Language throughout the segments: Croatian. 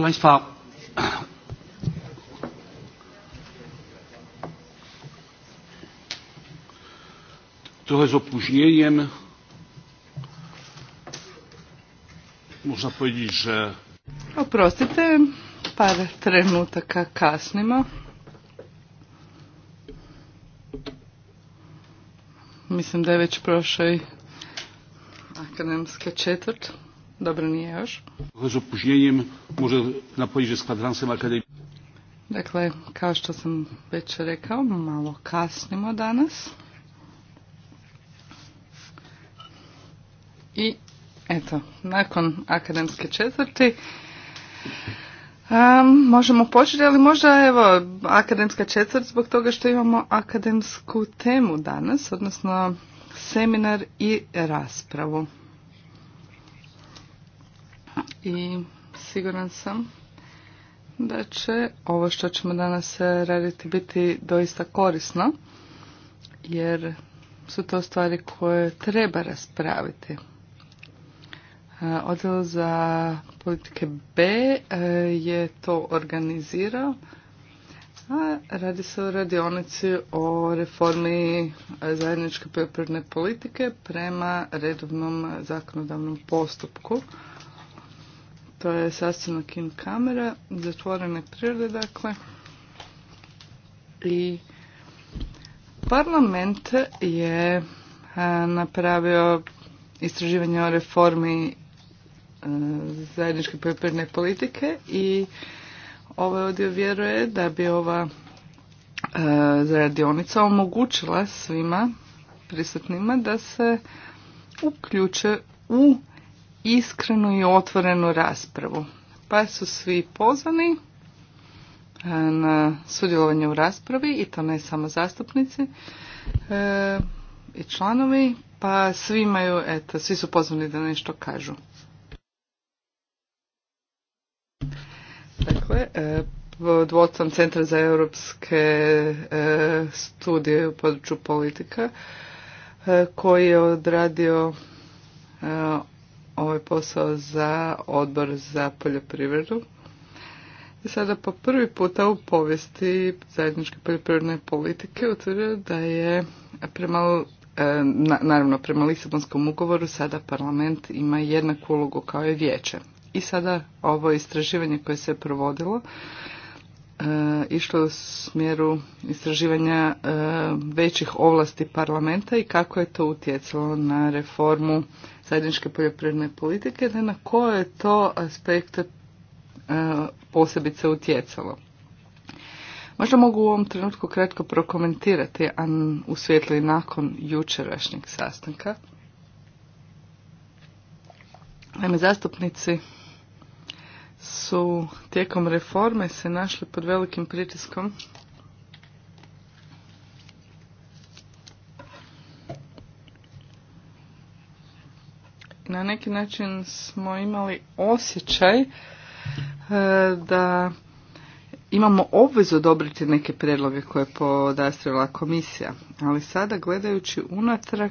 Proszę Państwa, trochę z opóźnieniem. Można powiedzieć, że... Oprostite, parę trenutaka kasnimo. Mislim da je već prošao i akademska četvrt. Dobro, nije još. S opužnjenjem, može napojiti Dakle, kao što sam već rekao, malo kasnimo danas. I eto, nakon akademske četvrti možemo početi, ali možda evo akademska četvrt zbog toga što imamo akademsku temu danas, odnosno seminar i raspravu i siguran sam da će ovo što ćemo danas raditi biti doista korisno jer su to stvari koje treba raspraviti. E, Odjel za politike B e, je to organizirao, a radi se o radionici o reformi zajedničke poljoprivredne politike prema redovnom zakonodavnom postupku. To je sastanak in kamera, zatvorene prirode, dakle. I parlament je e, napravio istraživanje o reformi e, zajedničke poljoprivredne politike i ovaj odio vjeruje da bi ova e, radionica omogućila svima prisutnima da se uključe u iskrenu i otvorenu raspravu. Pa su svi pozvani e, na sudjelovanje u raspravi i to ne samo zastupnici e, i članovi, pa svi imaju, eto, svi su pozvani da nešto kažu. Dakle, e, pod Centar Centra za europske e, studije u području politika e, koji je odradio ovaj posao za odbor za poljoprivredu. I sada po prvi puta u povijesti zajedničke poljoprivredne politike utvrdio da je prema e, naravno prema Lisabonskom ugovoru sada parlament ima jednaku ulogu kao i vijeće. I sada ovo istraživanje koje se provodilo E, išlo u smjeru istraživanja e, većih ovlasti parlamenta i kako je to utjecalo na reformu zajedničke poljoprivredne politike, i na koje je to aspekte e, posebice utjecalo. Možda mogu u ovom trenutku kratko prokomentirati, a u nakon jučerašnjeg sastanka. Naime, zastupnici su tijekom reforme se našli pod velikim pritiskom na neki način smo imali osjećaj e, da imamo obvezu odobriti neke prijedloge koje je podastrila komisija. Ali sada gledajući unatrag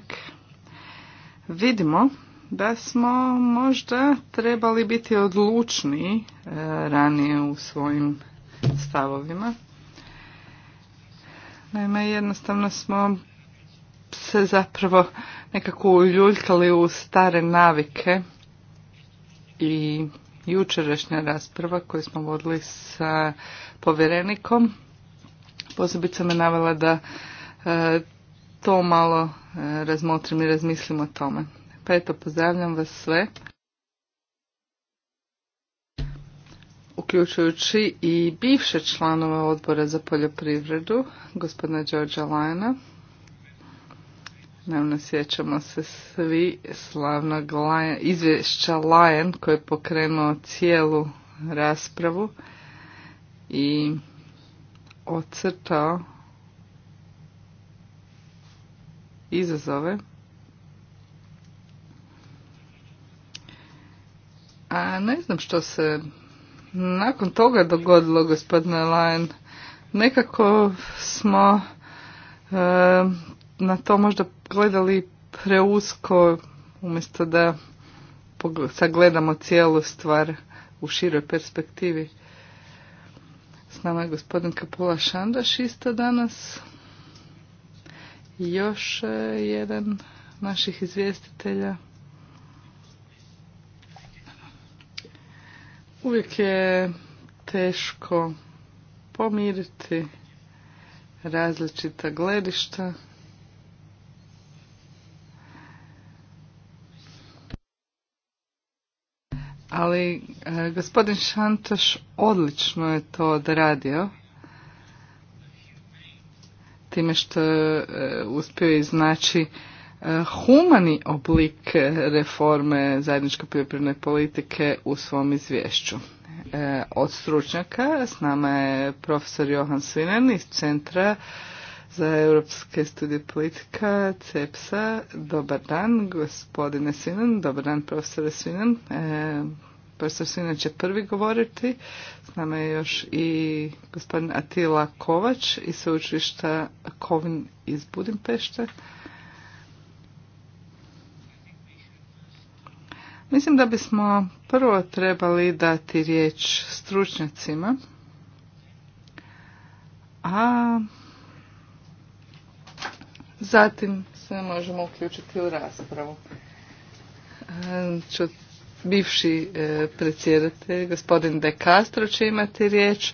vidimo da smo možda trebali biti odlučni e, ranije u svojim stavovima. Naime, jednostavno smo se zapravo nekako uljuljkali u stare navike i jučerašnja rasprava koju smo vodili sa povjerenikom posebice me navela da e, to malo e, razmotrim i razmislim o tome. Eto, pozdravljam vas sve. uključujući i bivše članove odbora za poljoprivredu, gospodina Đorđa Lajna. Naravno, sjećamo se svi slavnog izvješća Lajan koji je pokrenuo cijelu raspravu i ocrtao izazove A ne znam što se nakon toga dogodilo, gospodine Lajen. Nekako smo e, na to možda gledali preusko umjesto da sagledamo cijelu stvar u široj perspektivi. S nama je gospodin Kapula Šandaš isto danas. Još e, jedan naših izvjestitelja. Uvijek je teško pomiriti različita gledišta. Ali e, gospodin Šantaš odlično je to odradio. Time što je e, uspio iznaći humani oblik reforme zajedničke poljoprivredne politike u svom izvješću. E, od stručnjaka s nama je profesor Johan Svinen iz Centra za europske studije politika CEPSA. Dobar dan, gospodine Svinen. Dobar dan, profesore Svinen. E, profesor Svinen će prvi govoriti. S nama je još i gospodin Atila Kovač iz sveučilišta Kovin iz Budimpešte. Mislim da bismo prvo trebali dati riječ stručnjacima, a zatim se možemo uključiti u raspravu. E, Ču bivši e, predsjedatelj, gospodin De Castro će imati riječ,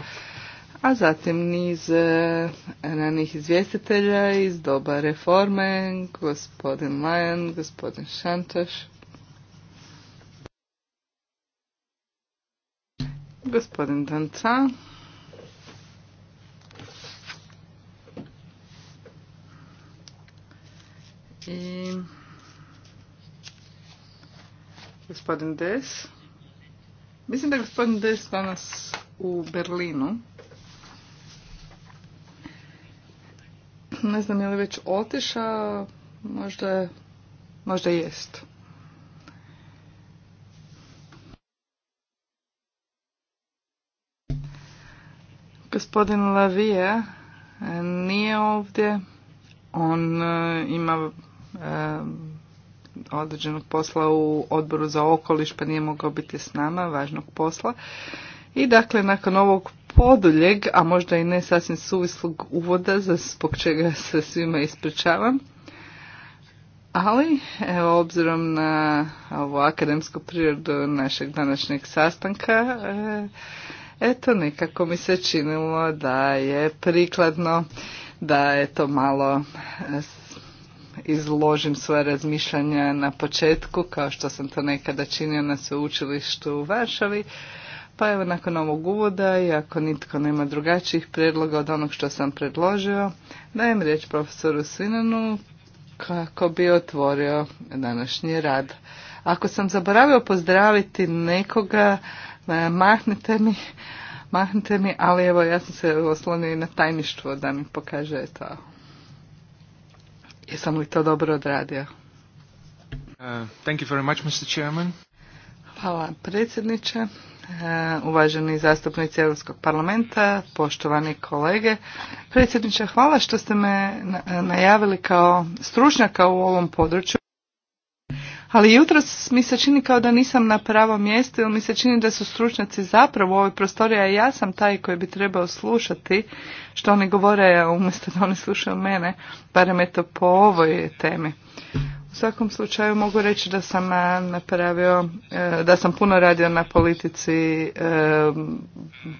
a zatim niz e, ranih izvjestitelja iz doba reforme, gospodin Lajan, gospodin Šantoš. Gospodin Danca. I gospodin Des. Mislim da je gospodin Des danas u Berlinu. Ne znam je li već otišao, možda, možda jest. Gospodin Lavija e, nije ovdje. On e, ima e, određenog posla u odboru za okoliš pa nije mogao biti s nama, važnog posla. I dakle, nakon ovog poduljeg, a možda i ne sasvim suvislog uvoda, zbog čega se svima ispričavam, ali, evo, obzirom na ovu akademsku prirodu našeg današnjeg sastanka, eto nekako mi se činilo da je prikladno da eto malo e, izložim svoje razmišljanja na početku kao što sam to nekada činio na sveučilištu u Varšavi. Pa evo nakon ovog uvoda i ako nitko nema drugačijih predloga od onog što sam predložio, dajem riječ profesoru Svinanu kako bi otvorio današnji rad. Ako sam zaboravio pozdraviti nekoga, E, mahnite mi, mahnite mi, ali evo ja sam se oslonio i na tajništvo da mi pokaže to. Jesam li to dobro odradio? Uh, thank you Hvala predsjedniče, e, uvaženi zastupnici Europskog parlamenta, poštovani kolege. Predsjedniče, hvala što ste me najavili kao stručnjaka u ovom području. Ali jutros mi se čini kao da nisam na pravom mjestu jer mi se čini da su stručnjaci zapravo u ovoj prostoriji, a ja sam taj koji bi trebao slušati što oni govore umjesto da oni slušaju mene, barem eto po ovoj temi. U svakom slučaju mogu reći da sam napravio, e, da sam puno radio na politici e,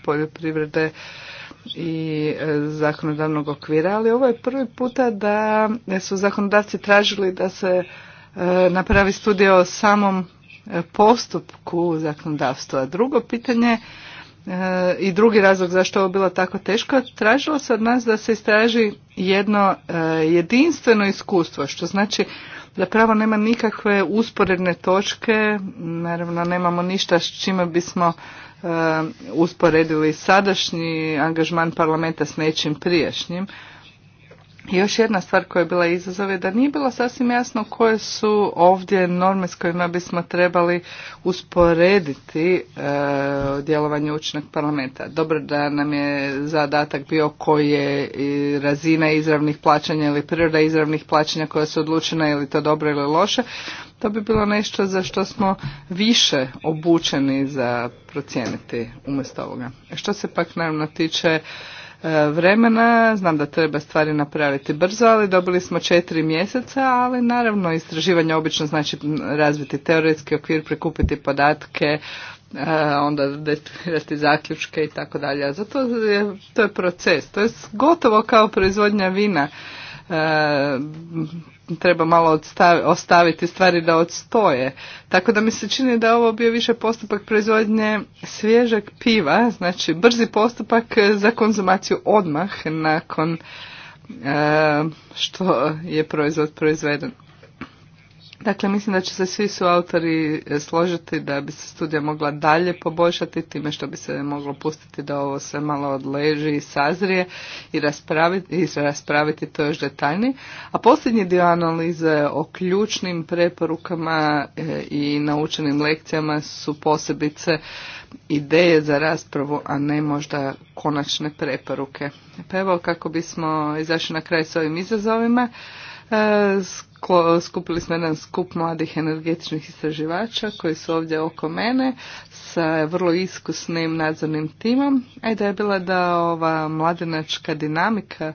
poljoprivrede i e, zakonodavnog okvira, ali ovo je prvi puta da su zakonodavci tražili da se napravi studije o samom e, postupku zakonodavstva. Drugo pitanje e, i drugi razlog zašto je ovo bilo tako teško, tražilo se od nas da se istraži jedno e, jedinstveno iskustvo, što znači da pravo nema nikakve usporedne točke, naravno nemamo ništa s čime bismo usporedili sadašnji angažman parlamenta s nečim prijašnjim, još jedna stvar koja je bila izazov je da nije bilo sasvim jasno koje su ovdje norme s kojima bismo trebali usporediti e, djelovanje učinak parlamenta. Dobro da nam je zadatak bio koji je razina izravnih plaćanja ili priroda izravnih plaćanja koja su odlučena ili to dobro ili loše. To bi bilo nešto za što smo više obučeni za procijeniti umjesto ovoga. E, što se pak naravno tiče E, vremena, znam da treba stvari napraviti brzo, ali dobili smo četiri mjeseca, ali naravno istraživanje obično znači razviti teoretski okvir, prikupiti podatke, e, onda definirati zaključke i tako dalje. Zato je, to je proces, to je gotovo kao proizvodnja vina. E, treba malo ostaviti stvari da odstoje. Tako da mi se čini da je ovo bio više postupak proizvodnje svježeg piva, znači brzi postupak za konzumaciju odmah nakon e, što je proizvod proizveden. Dakle, mislim da će se svi su autori e, složiti da bi se studija mogla dalje poboljšati time što bi se moglo pustiti da ovo se malo odleži i sazrije i raspraviti, i raspraviti to još detaljnije. A posljednji dio analize o ključnim preporukama e, i naučenim lekcijama su posebice ideje za raspravu, a ne možda konačne preporuke. Pa evo kako bismo izašli na kraj s ovim izazovima, E, skupili smo jedan skup mladih energetičnih istraživača koji su ovdje oko mene sa vrlo iskusnim nadzornim timom. A da je bila da ova mladenačka dinamika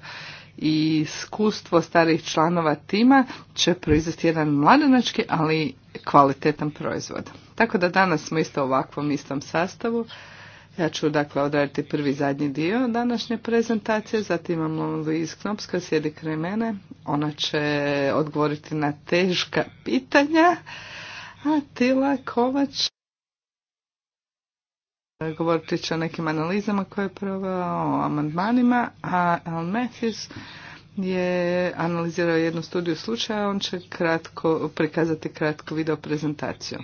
i iskustvo starih članova tima će proizvesti jedan mladenački, ali kvalitetan proizvod. Tako da danas smo isto u ovakvom istom sastavu. Ja ću dakle odraditi prvi zadnji dio današnje prezentacije, zatim imamo Liz Knopska, sjedi kraj mene. Ona će odgovoriti na teška pitanja. A Tila Kovač govoriti će o nekim analizama koje je provao, o amandmanima, a Al Matthews je analizirao jednu studiju slučaja, on će kratko, prikazati kratko video prezentaciju.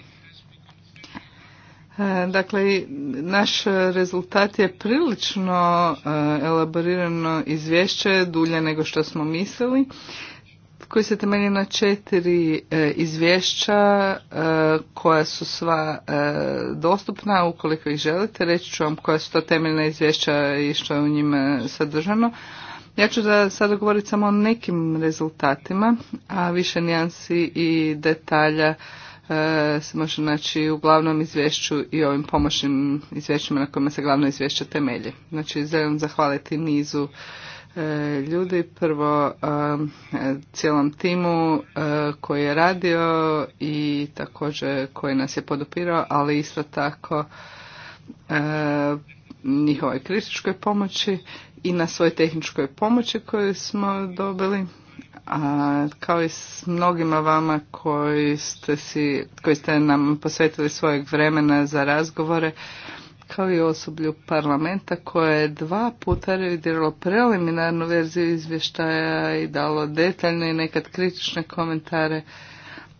E, dakle, naš rezultat je prilično e, elaborirano izvješće, dulje nego što smo mislili, koji se temelji na četiri e, izvješća koja su sva dostupna, ukoliko ih želite, reći ću vam koja su to temeljna izvješća i što je u njima sadržano. Ja ću da sada govoriti samo o nekim rezultatima, a više nijansi i detalja E, se može naći u glavnom izvješću i ovim pomoćnim izvješćima na kojima se glavno izvješće temelji. Znači, želim zahvaliti nizu e, ljudi, prvo e, cijelom timu koji je radio i također koji nas je podupirao, ali isto tako njihovoj kritičkoj pomoći i na svojoj tehničkoj pomoći koju smo dobili a, kao i s mnogima vama koji ste, si, koji ste nam posvetili svojeg vremena za razgovore, kao i osoblju parlamenta koje je dva puta revidiralo preliminarnu verziju izvještaja i dalo detaljne i nekad kritične komentare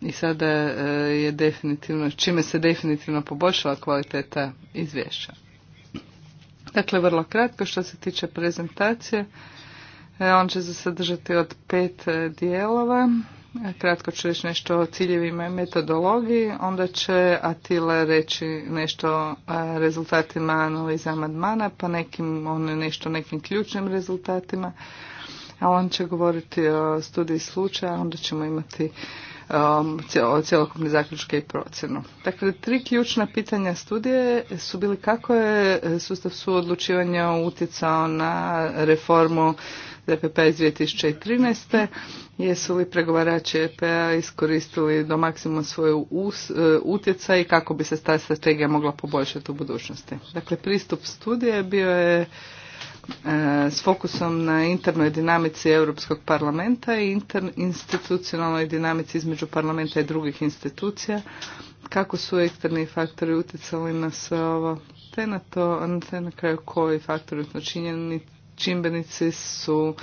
i sada e, je definitivno, čime se definitivno poboljšala kvaliteta izvješća. Dakle, vrlo kratko što se tiče prezentacije. E, on će se sadržati od pet e, dijelova. E, kratko ću reći nešto o ciljevima i metodologiji, onda će Atila reći nešto o rezultatima analiza amandmana, pa nekim, on nešto o nekim ključnim rezultatima, a on će govoriti o studiji slučaja, onda ćemo imati o cjelokupne zaključke i procjenu. Dakle, tri ključna pitanja studije su bili kako je sustav suodlučivanja utjecao na reformu DPP iz 2013. Jesu li pregovarači EPA iskoristili do maksimum svoju e, utjecaj i kako bi se ta strategija mogla poboljšati u budućnosti? Dakle, pristup studije bio je e, s fokusom na internoj dinamici Europskog parlamenta i interinstitucionalnoj dinamici između parlamenta i drugih institucija, kako su eksterni faktori utjecali na sve ovo, te na to, te na kraju koji faktori, znači čimbenici su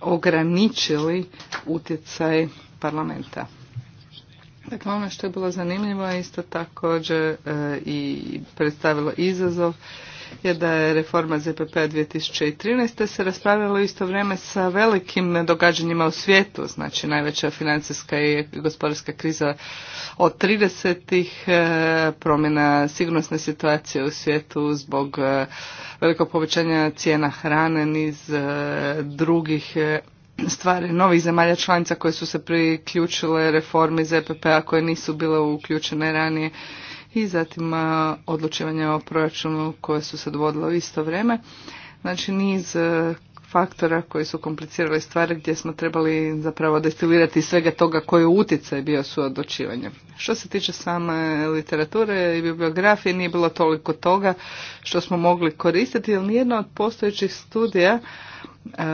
ograničili utjecaj parlamenta. Dakle, ono što je bilo zanimljivo je isto također e, i predstavilo izazov je da je reforma ZPP 2013. se raspravljala isto vrijeme sa velikim događanjima u svijetu, znači najveća financijska i gospodarska kriza od 30. E, promjena sigurnosne situacije u svijetu zbog e, velikog povećanja cijena hrane, niz e, drugih stvari novih zemalja članica koje su se priključile reformi ZPP-a koje nisu bile uključene ranije i zatim odlučivanje o proračunu koje su se dovodile u isto vrijeme. Znači niz e, faktora koji su komplicirali stvari gdje smo trebali zapravo destilirati svega toga koji je utjecaj bio su odlučivanje. Što se tiče same literature i bibliografije nije bilo toliko toga što smo mogli koristiti jer nijedna od postojećih studija e,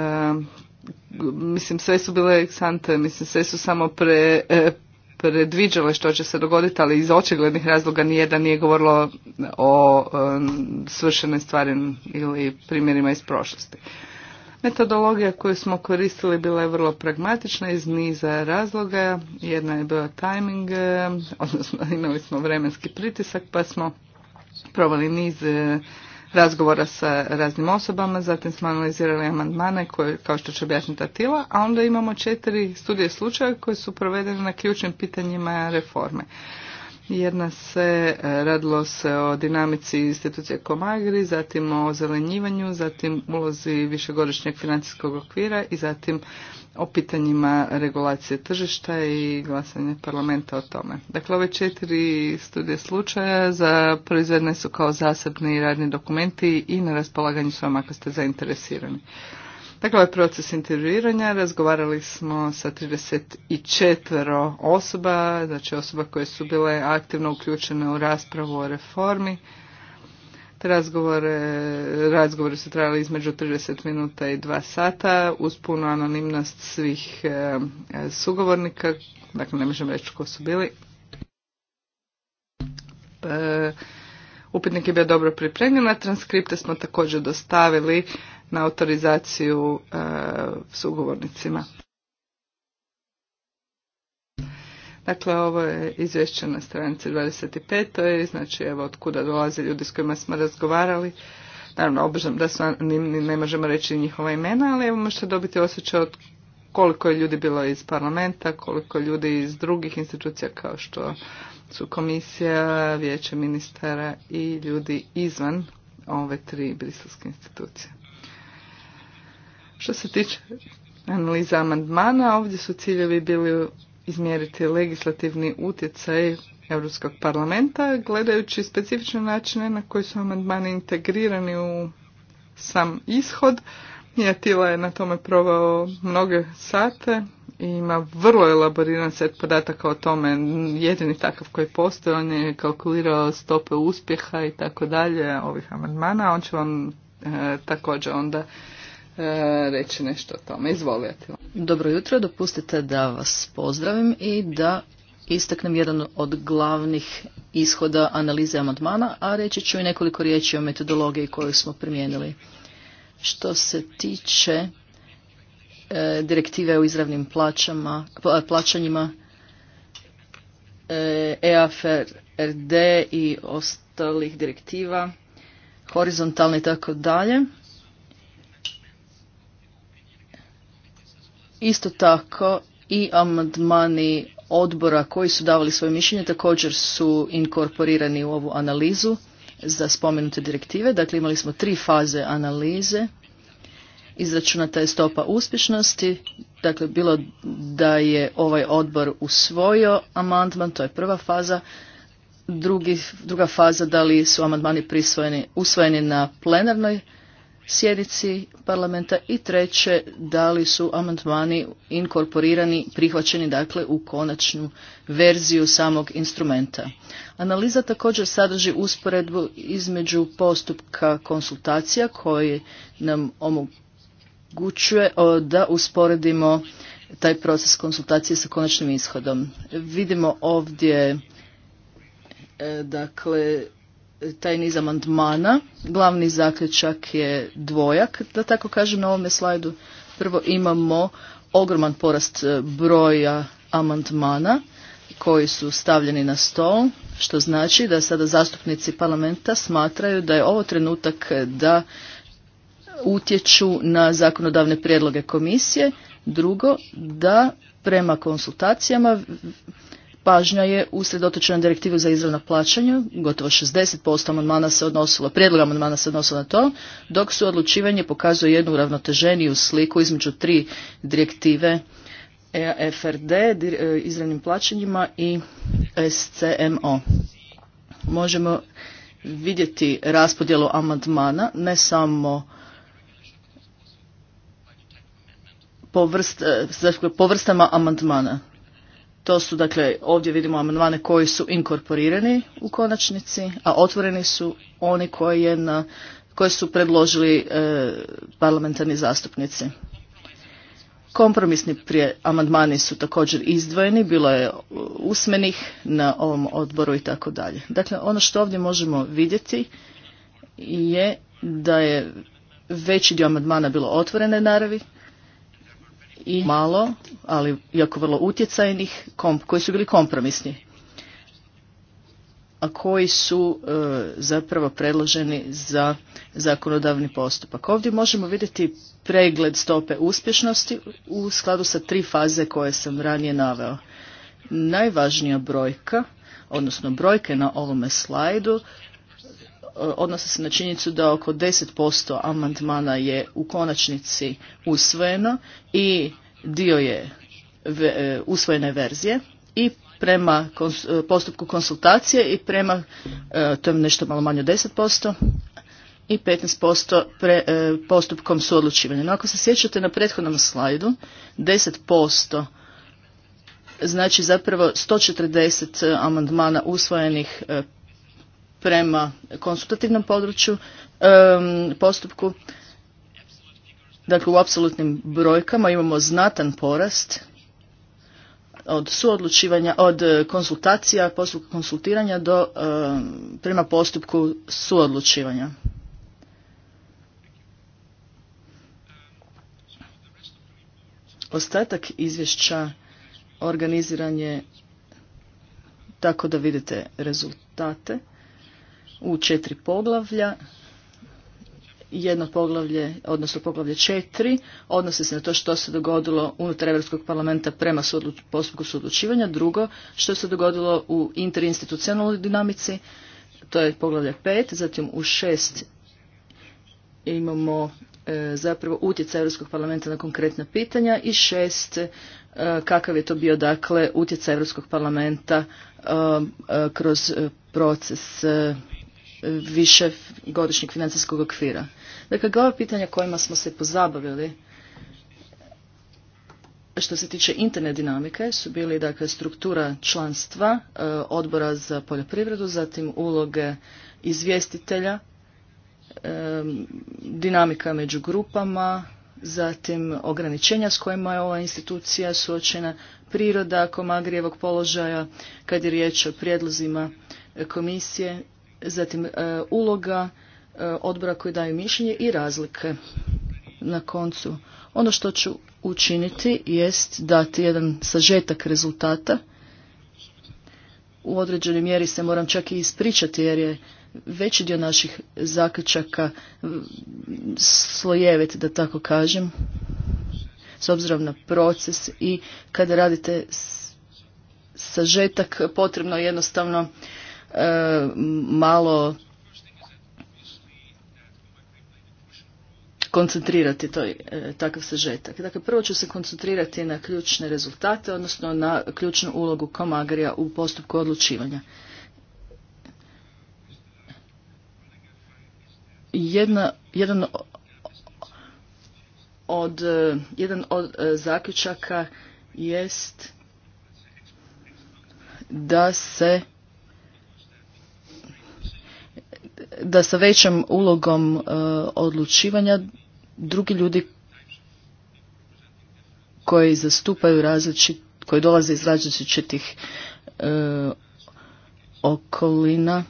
mislim sve su bile eksante, mislim sve su samo pre, e, predviđale što će se dogoditi, ali iz očiglednih razloga nijeda nije govorilo o um, svršenoj stvari ili primjerima iz prošlosti. Metodologija koju smo koristili bila je vrlo pragmatična iz niza razloga. Jedna je bila timing, um, odnosno imali smo vremenski pritisak pa smo probali niz um, razgovora sa raznim osobama, zatim smo analizirali amandmane koje, kao što će objasniti Atila, a onda imamo četiri studije slučaja koje su provedene na ključnim pitanjima reforme. Jedna se e, radilo se o dinamici institucije Komagri, zatim o zelenjivanju, zatim ulozi višegodišnjeg financijskog okvira i zatim o pitanjima regulacije tržišta i glasanje parlamenta o tome. Dakle, ove četiri studije slučaja za proizvedne su kao zasebni radni dokumenti i na raspolaganju su vam ako ste zainteresirani. Dakle, ovaj proces intervjuiranja razgovarali smo sa 34 osoba, znači osoba koje su bile aktivno uključene u raspravu o reformi. Te razgovore, razgovori su trajali između 30 minuta i 2 sata uz punu anonimnost svih e, sugovornika, dakle ne možemo reći ko su bili. E, upitnik je bio dobro pripremljen, na transkripte smo također dostavili na autorizaciju e, Dakle, ovo je izvješće na stranici 25. To znači, evo, od kuda dolaze ljudi s kojima smo razgovarali. Naravno, obožam da su, ne možemo reći njihova imena, ali evo možete dobiti osjećaj od koliko je ljudi bilo iz parlamenta, koliko ljudi iz drugih institucija kao što su komisija, vijeće ministara i ljudi izvan ove tri briselske institucije. Što se tiče analiza amandmana, ovdje su ciljevi bili izmjeriti legislativni utjecaj Europskog parlamenta, gledajući specifične načine na koji su amandmani integrirani u sam ishod. Nijatila je na tome provao mnoge sate i ima vrlo elaboriran set podataka o tome, jedini takav koji postoji, on je kalkulirao stope uspjeha i tako dalje ovih amandmana, on će vam e, također onda E, reći nešto o tome. Izvolite. Dobro jutro, dopustite da vas pozdravim i da istaknem jedan od glavnih ishoda analize amandmana, a reći ću i nekoliko riječi o metodologiji koju smo primijenili. Što se tiče e, direktive o izravnim plaćama, e, plaćanjima, e, i ostalih direktiva, horizontalne i tako dalje, Isto tako i amandmani odbora koji su davali svoje mišljenje također su inkorporirani u ovu analizu za spomenute direktive. Dakle, imali smo tri faze analize. Izračunata je stopa uspješnosti. Dakle, bilo da je ovaj odbor usvojio amandman, to je prva faza. Drugi, druga faza da li su amandmani usvojeni na plenarnoj sjednici parlamenta i treće da li su amandmani inkorporirani, prihvaćeni dakle u konačnu verziju samog instrumenta. Analiza također sadrži usporedbu između postupka konsultacija koji nam omogućuje da usporedimo taj proces konsultacije sa konačnim ishodom. Vidimo ovdje e, dakle taj niz amandmana. Glavni zaključak je dvojak, da tako kažem na ovome slajdu. Prvo imamo ogroman porast e, broja amandmana koji su stavljeni na stol, što znači da sada zastupnici parlamenta smatraju da je ovo trenutak da utječu na zakonodavne prijedloge komisije. Drugo, da prema konsultacijama Pažnja je usredotočena otočena direktivu za izravna plaćanja, gotovo 60% amandmana se odnosilo, prijedlog amandmana se odnosilo na to, dok su odlučivanje pokazuje jednu ravnoteženiju sliku između tri direktive EFRD, e, izravnim plaćanjima i SCMO. Možemo vidjeti raspodjelu amandmana, ne samo po e, vrstama amandmana. To su, dakle, ovdje vidimo amandmane koji su inkorporirani u konačnici, a otvoreni su oni koji je na koje su predložili e, parlamentarni zastupnici. Kompromisni prije amandmani su također izdvojeni, bilo je usmenih na ovom odboru i tako dalje. Dakle, ono što ovdje možemo vidjeti je da je veći dio amandmana bilo otvorene naravi, i malo, ali jako vrlo utjecajnih, koji su bili kompromisni, a koji su e, zapravo predloženi za zakonodavni postupak. Ovdje možemo vidjeti pregled stope uspješnosti u skladu sa tri faze koje sam ranije naveo. Najvažnija brojka, odnosno brojke na ovome slajdu, E, odnose se na činjenicu da oko 10% amandmana je u konačnici usvojeno i dio je e, usvojene verzije i prema e, postupku konsultacije i prema, to je nešto malo manje od 10%, i 15% pre, postupkom suodlučivanja. No ako se sjećate na prethodnom slajdu, 10% znači zapravo 140 amandmana usvojenih prema konsultativnom području, postupku. Dakle, u apsolutnim brojkama imamo znatan porast od suodlučivanja, od konsultacija, postupka konsultiranja do prema postupku suodlučivanja. Ostatak izvješća organiziran je tako da vidite rezultate u četiri poglavlja. Jedno poglavlje, odnosno poglavlje četiri, odnosi se na to što se dogodilo unutar Europskog parlamenta prema sudlu, postupku suodlučivanja. Drugo, što se dogodilo u interinstitucionalnoj dinamici, to je poglavlje pet. Zatim u šest imamo e, zapravo utjecaj Europskog parlamenta na konkretna pitanja i šest e, kakav je to bio dakle utjecaj Europskog parlamenta e, kroz proces više godišnjeg financijskog okvira. Dakle, glava pitanja kojima smo se pozabavili što se tiče interne dinamike su bili dakle struktura članstva e, odbora za poljoprivredu, zatim uloge izvjestitelja, e, dinamika među grupama, zatim ograničenja s kojima je ova institucija suočena, priroda komagrijevog položaja kad je riječ o prijedlozima e, komisije zatim e, uloga e, odbora koji daju mišljenje i razlike. Na koncu, ono što ću učiniti jest dati jedan sažetak rezultata. U određenoj mjeri se moram čak i ispričati jer je veći dio naših zaključaka slojevet, da tako kažem, s obzirom na proces i kada radite sažetak potrebno jednostavno E, malo koncentrirati toj, e, takav sažetak. Dakle, prvo ću se koncentrirati na ključne rezultate, odnosno na ključnu ulogu Komagrija u postupku odlučivanja. Jedna, jedan od, e, jedan od zaključaka jest da se da sa većom ulogom e, odlučivanja drugi ljudi koji zastupaju različit, koji dolaze iz različitih e, okolina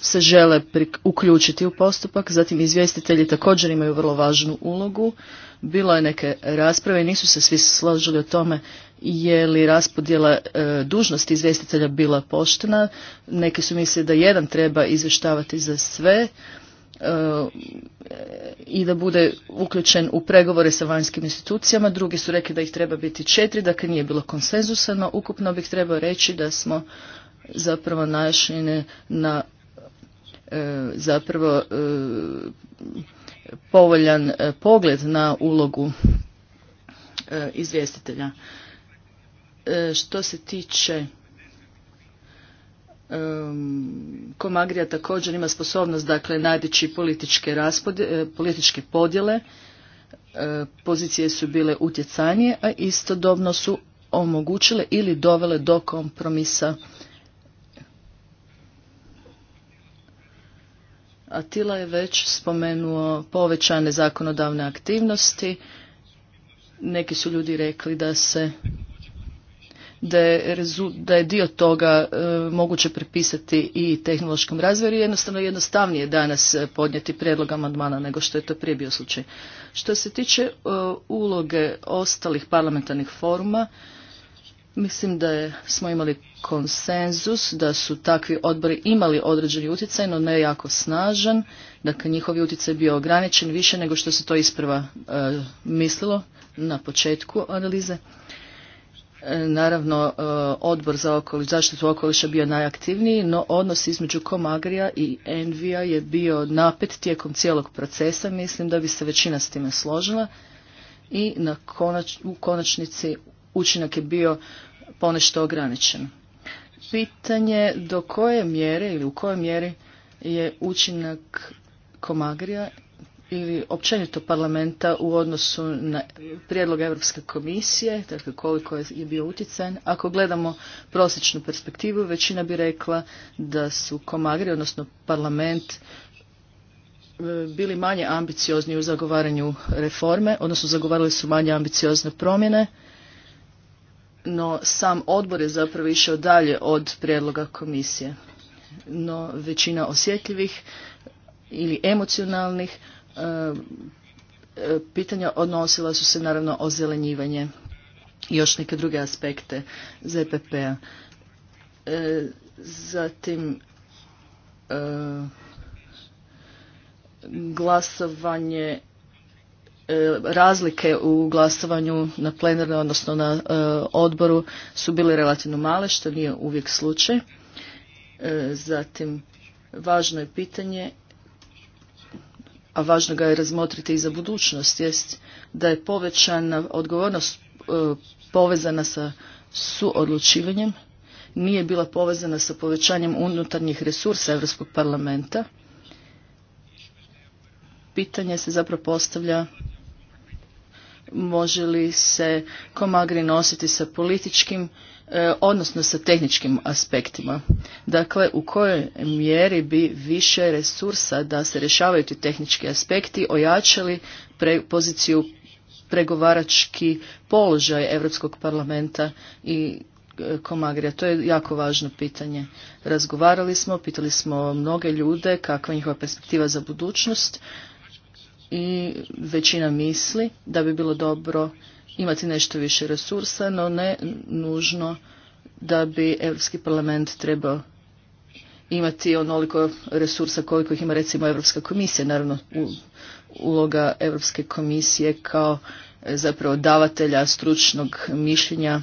se žele uključiti u postupak, zatim izvjestitelji također imaju vrlo važnu ulogu. Bilo je neke rasprave, nisu se svi složili o tome je li raspodjela e, dužnosti izvjestitelja bila poštena. Neki su mislili da jedan treba izvještavati za sve e, i da bude uključen u pregovore sa vanjskim institucijama. Drugi su rekli da ih treba biti četiri, dakle nije bilo konsenzusa, no ukupno bih trebao reći da smo zapravo našli na E, zapravo e, povoljan e, pogled na ulogu izvjestitelja. Što se tiče Komagrija također ima sposobnost dakle nadići političke, političke podjele, pozicije su bile utjecanje, a istodobno su omogućile ili dovele do kompromisa Atila je već spomenuo povećane zakonodavne aktivnosti. Neki su ljudi rekli da se da je, dio toga e, moguće prepisati i tehnološkom razvoju i jednostavno jednostavnije danas e, podnijeti prijedlog amandmana nego što je to prije bio slučaj. Što se tiče e, uloge ostalih parlamentarnih foruma, Mislim da smo imali konsenzus da su takvi odbori imali određeni utjecaj, no ne jako snažan. Dakle, njihov utjecaj bio ograničen više nego što se to isprva e, mislilo na početku analize. E, naravno, e, odbor za zaštitu okoliša bio najaktivniji, no odnos između Komagrija i Envija je bio napet tijekom cijelog procesa. Mislim da bi se većina s time složila i u konačnici učinak je bio ponešto ograničen. Pitanje do koje mjere ili u kojoj mjeri je učinak komagrija ili općenito parlamenta u odnosu na prijedlog Europske komisije, dakle koliko je bio utjecajan. Ako gledamo prosječnu perspektivu, većina bi rekla da su komagri, odnosno parlament, e, bili manje ambiciozni u zagovaranju reforme, odnosno zagovarali su manje ambiciozne promjene no sam odbor je zapravo išao dalje od prijedloga komisije. No većina osjetljivih ili emocionalnih e, e, pitanja odnosila su se naravno o zelenjivanje i još neke druge aspekte ZPP-a. E, zatim glasovanje E, razlike u glasovanju na plenarnoj, odnosno na e, odboru su bile relativno male, što nije uvijek slučaj. E, zatim, važno je pitanje, a važno ga je razmotriti i za budućnost, jest da je povećana odgovornost povezana sa suodlučivanjem, nije bila povezana sa povećanjem unutarnjih resursa Europskog parlamenta. Pitanje se zapravo postavlja može li se komagri nositi sa političkim e, odnosno sa tehničkim aspektima. Dakle, u kojoj mjeri bi više resursa da se rješavaju ti tehnički aspekti ojačali pre poziciju pregovarački položaj Europskog parlamenta i e, Komagrija. To je jako važno pitanje. Razgovarali smo, pitali smo mnoge ljude kakva je njihova perspektiva za budućnost i većina misli da bi bilo dobro imati nešto više resursa, no ne nužno da bi Europski parlament trebao imati onoliko resursa koliko ih ima recimo Europska komisija. Naravno, uloga Europske komisije kao e, zapravo davatelja stručnog mišljenja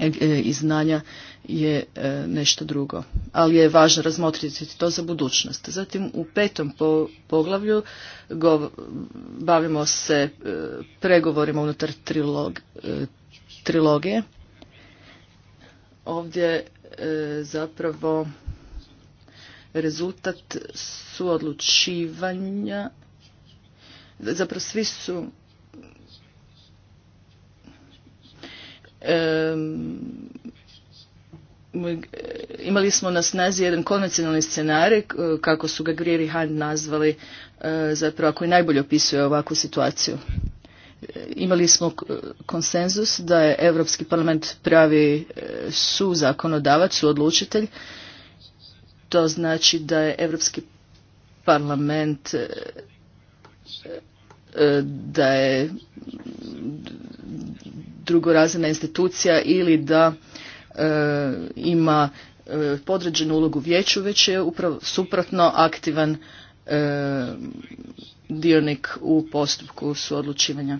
e, i znanja je e, nešto drugo. Ali je važno razmotriti to za budućnost. Zatim u petom poglavlju bavimo se e, pregovorima unutar trilog, e, trilogije. Ovdje zapravo rezultat suodlučivanja zapravo svi su imali smo na snazi jedan konvencionalni scenarij, kako su ga Greer i Hunt nazvali, e, zapravo koji najbolje opisuje ovakvu situaciju. E, imali smo konsenzus da je Europski parlament pravi e, su zakonodavac, su odlučitelj. To znači da je Europski parlament da je drugorazina institucija ili da E, ima e, podređenu ulogu vijeću, već je upravo suprotno aktivan e, dionik u postupku suodlučivanja.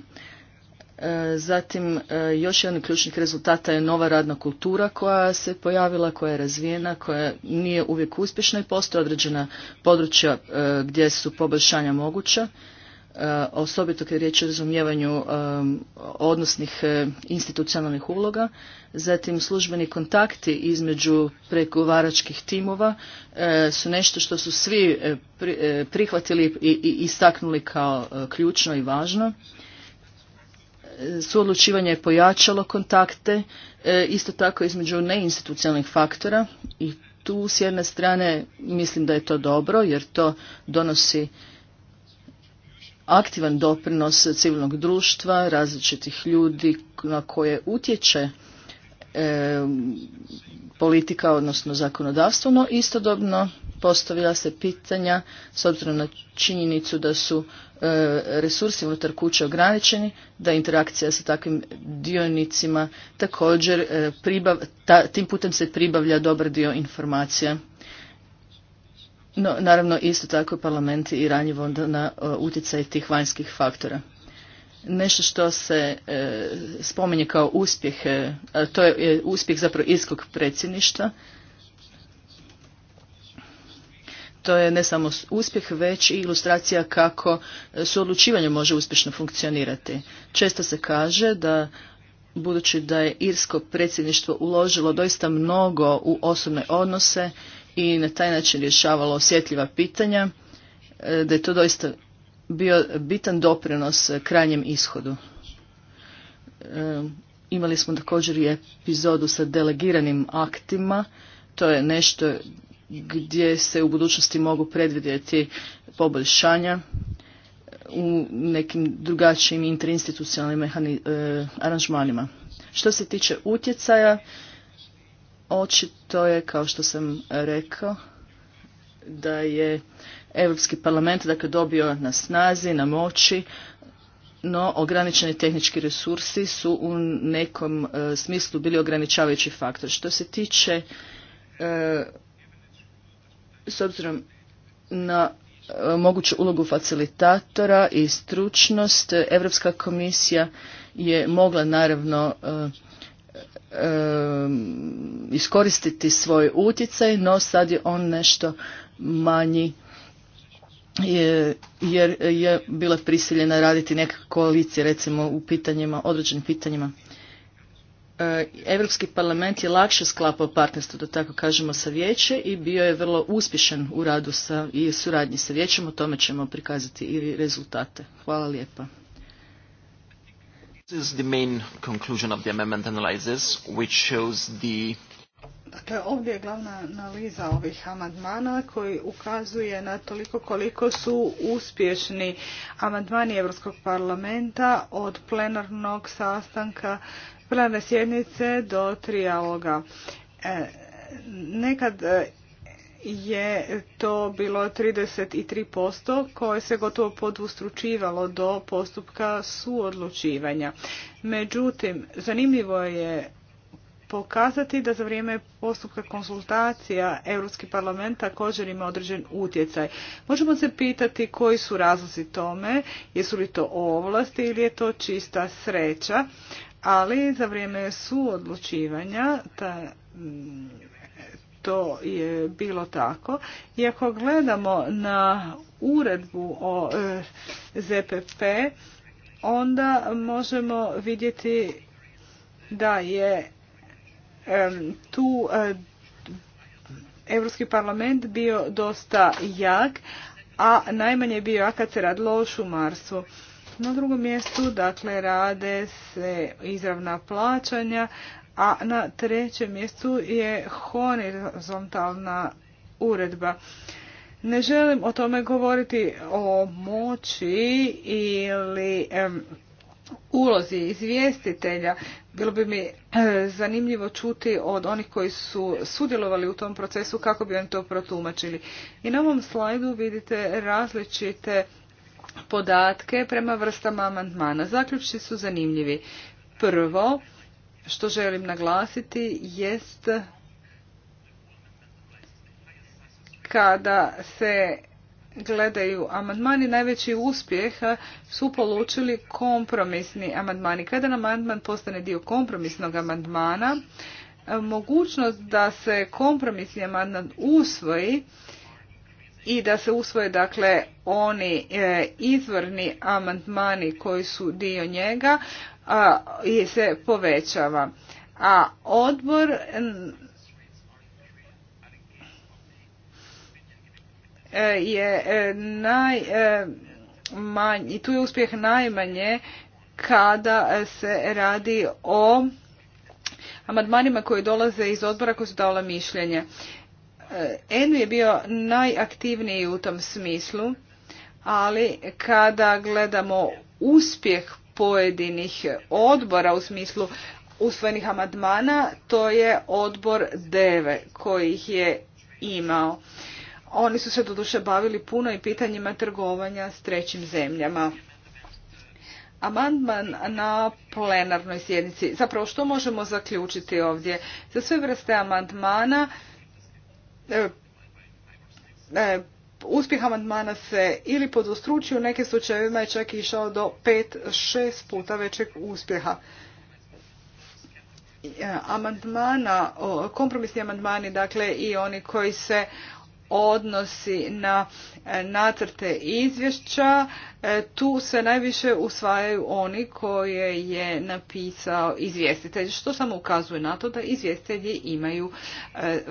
Zatim, još jedan od ključnih rezultata je nova radna kultura koja se pojavila, koja je razvijena, koja nije uvijek uspješna i postoje određena područja gdje su poboljšanja moguća. E, osobito kad je riječ o razumijevanju e, odnosnih e, institucionalnih uloga, zatim službeni kontakti između pregovaračkih timova su nešto što su svi prihvatili i istaknuli kao ključno i važno. Suodlučivanje je pojačalo kontakte, isto tako između neinstitucionalnih faktora i tu s jedne strane mislim da je to dobro jer to donosi aktivan doprinos civilnog društva, različitih ljudi na koje utječe e, politika, odnosno zakonodavstvo, no istodobno postavila se pitanja s obzirom na činjenicu da su e, resursi unutar kuće ograničeni, da interakcija sa takvim dionicima također e, pribav, tim putem se pribavlja dobar dio informacija no, naravno, isto tako parlament i ranjivo onda na e, utjecaj tih vanjskih faktora. Nešto što se e, spominje kao uspjeh, e, to je, uspjeh zapravo Irskog predsjedništva, to je ne samo uspjeh, već i ilustracija kako odlučivanje može uspješno funkcionirati. Često se kaže da budući da je irsko predsjedništvo uložilo doista mnogo u osobne odnose i na taj način rješavalo osjetljiva pitanja, e, da je to doista bio bitan doprinos krajnjem ishodu. E, imali smo također i epizodu sa delegiranim aktima, to je nešto gdje se u budućnosti mogu predvidjeti poboljšanja u nekim drugačijim interinstitucionalnim e, aranžmanima. Što se tiče utjecaja, Očito je, kao što sam rekao, da je Europski parlament dakle, dobio na snazi, na moći, no ograničeni tehnički resursi su u nekom e, smislu bili ograničavajući faktor. Što se tiče, e, s obzirom na e, moguću ulogu facilitatora i stručnost, Europska komisija je mogla naravno iskoristiti svoj utjecaj, no sad je on nešto manji jer je bila prisiljena raditi neka koalicije recimo u pitanjima, određenim pitanjima. E, Europski parlament je lakše sklapao partnerstvo, da tako kažemo, sa vijeće i bio je vrlo uspješan u radu sa, i suradnji sa vijećem, o tome ćemo prikazati i rezultate. Hvala lijepa is the main conclusion of the amendment analysis, which shows the Dakle, ovdje je glavna analiza ovih amandmana koji ukazuje na toliko koliko su uspješni amandmani Evropskog parlamenta od plenarnog sastanka plenarne sjednice do trijaloga. E, nekad e, je to bilo 33% koje se gotovo podvustručivalo do postupka suodlučivanja. Međutim, zanimljivo je pokazati da za vrijeme postupka konsultacija Europski parlament također ima određen utjecaj. Možemo se pitati koji su razlozi tome, jesu li to ovlasti ili je to čista sreća, ali za vrijeme suodlučivanja ta to je bilo tako. I ako gledamo na uredbu o e, ZPP, onda možemo vidjeti da je e, tu e, Europski parlament bio dosta jak, a najmanje je bio jak kad se radilo o šumarstvu. Na drugom mjestu, dakle, rade se izravna plaćanja, a na trećem mjestu je horizontalna uredba. Ne želim o tome govoriti o moći ili ulozi izvjestitelja. Bilo bi mi eh, zanimljivo čuti od onih koji su sudjelovali u tom procesu kako bi oni to protumačili. I na ovom slajdu vidite različite podatke prema vrstama amandmana. Zaključci su zanimljivi. Prvo, što želim naglasiti jest kada se gledaju amandmani, najveći uspjeh su polučili kompromisni amandmani. Kada nam amandman postane dio kompromisnog amandmana, mogućnost da se kompromisni amandman usvoji i da se usvoje dakle oni e, izvorni amandmani koji su dio njega a, se povećava. A odbor e, je e, naj e, i tu je uspjeh najmanje kada se radi o amandmanima koji dolaze iz odbora koji su dala mišljenje. Enu je bio najaktivniji u tom smislu, ali kada gledamo uspjeh pojedinih odbora u smislu usvojenih amandmana, to je odbor DEVE kojih je imao. Oni su se doduše bavili puno i pitanjima trgovanja s trećim zemljama. Amandman na plenarnoj sjednici. Zapravo što možemo zaključiti ovdje? Za sve vrste amandmana e, e uspjeh amandmana se ili podostručio, u nekim slučajevima je čak išao do 5-6 puta većeg uspjeha. E, amandmana, kompromisni amandmani, dakle i oni koji se odnosi na e, nacrte izvješća. E, tu se najviše usvajaju oni koje je napisao izvjestitelj, što samo ukazuje na to da izvjestitelji imaju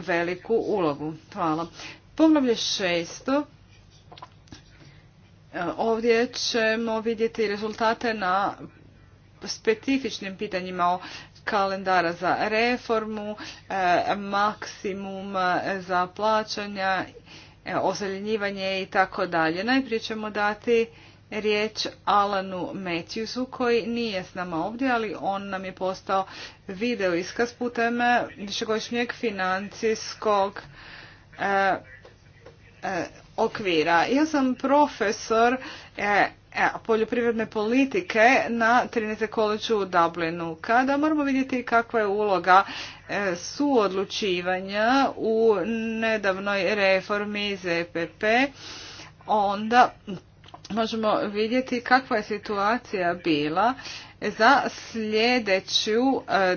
veliku ulogu. Hvala. Poglavlje šesto. E, ovdje ćemo vidjeti rezultate na specifičnim pitanjima o kalendara za reformu, e, maksimum za plaćanja, e, ozaljenjivanje i tako dalje. Najprije ćemo dati riječ Alanu Matthewsu koji nije s nama ovdje, ali on nam je postao video iskaz putem višegodišnjeg financijskog Eh, okvira. Ja sam profesor eh, eh, poljoprivredne politike na Trinity College u Dublinu. Kada moramo vidjeti kakva je uloga suodlučivanja u nedavnoj reformi ZPP, onda možemo vidjeti kakva je situacija bila za sljedeću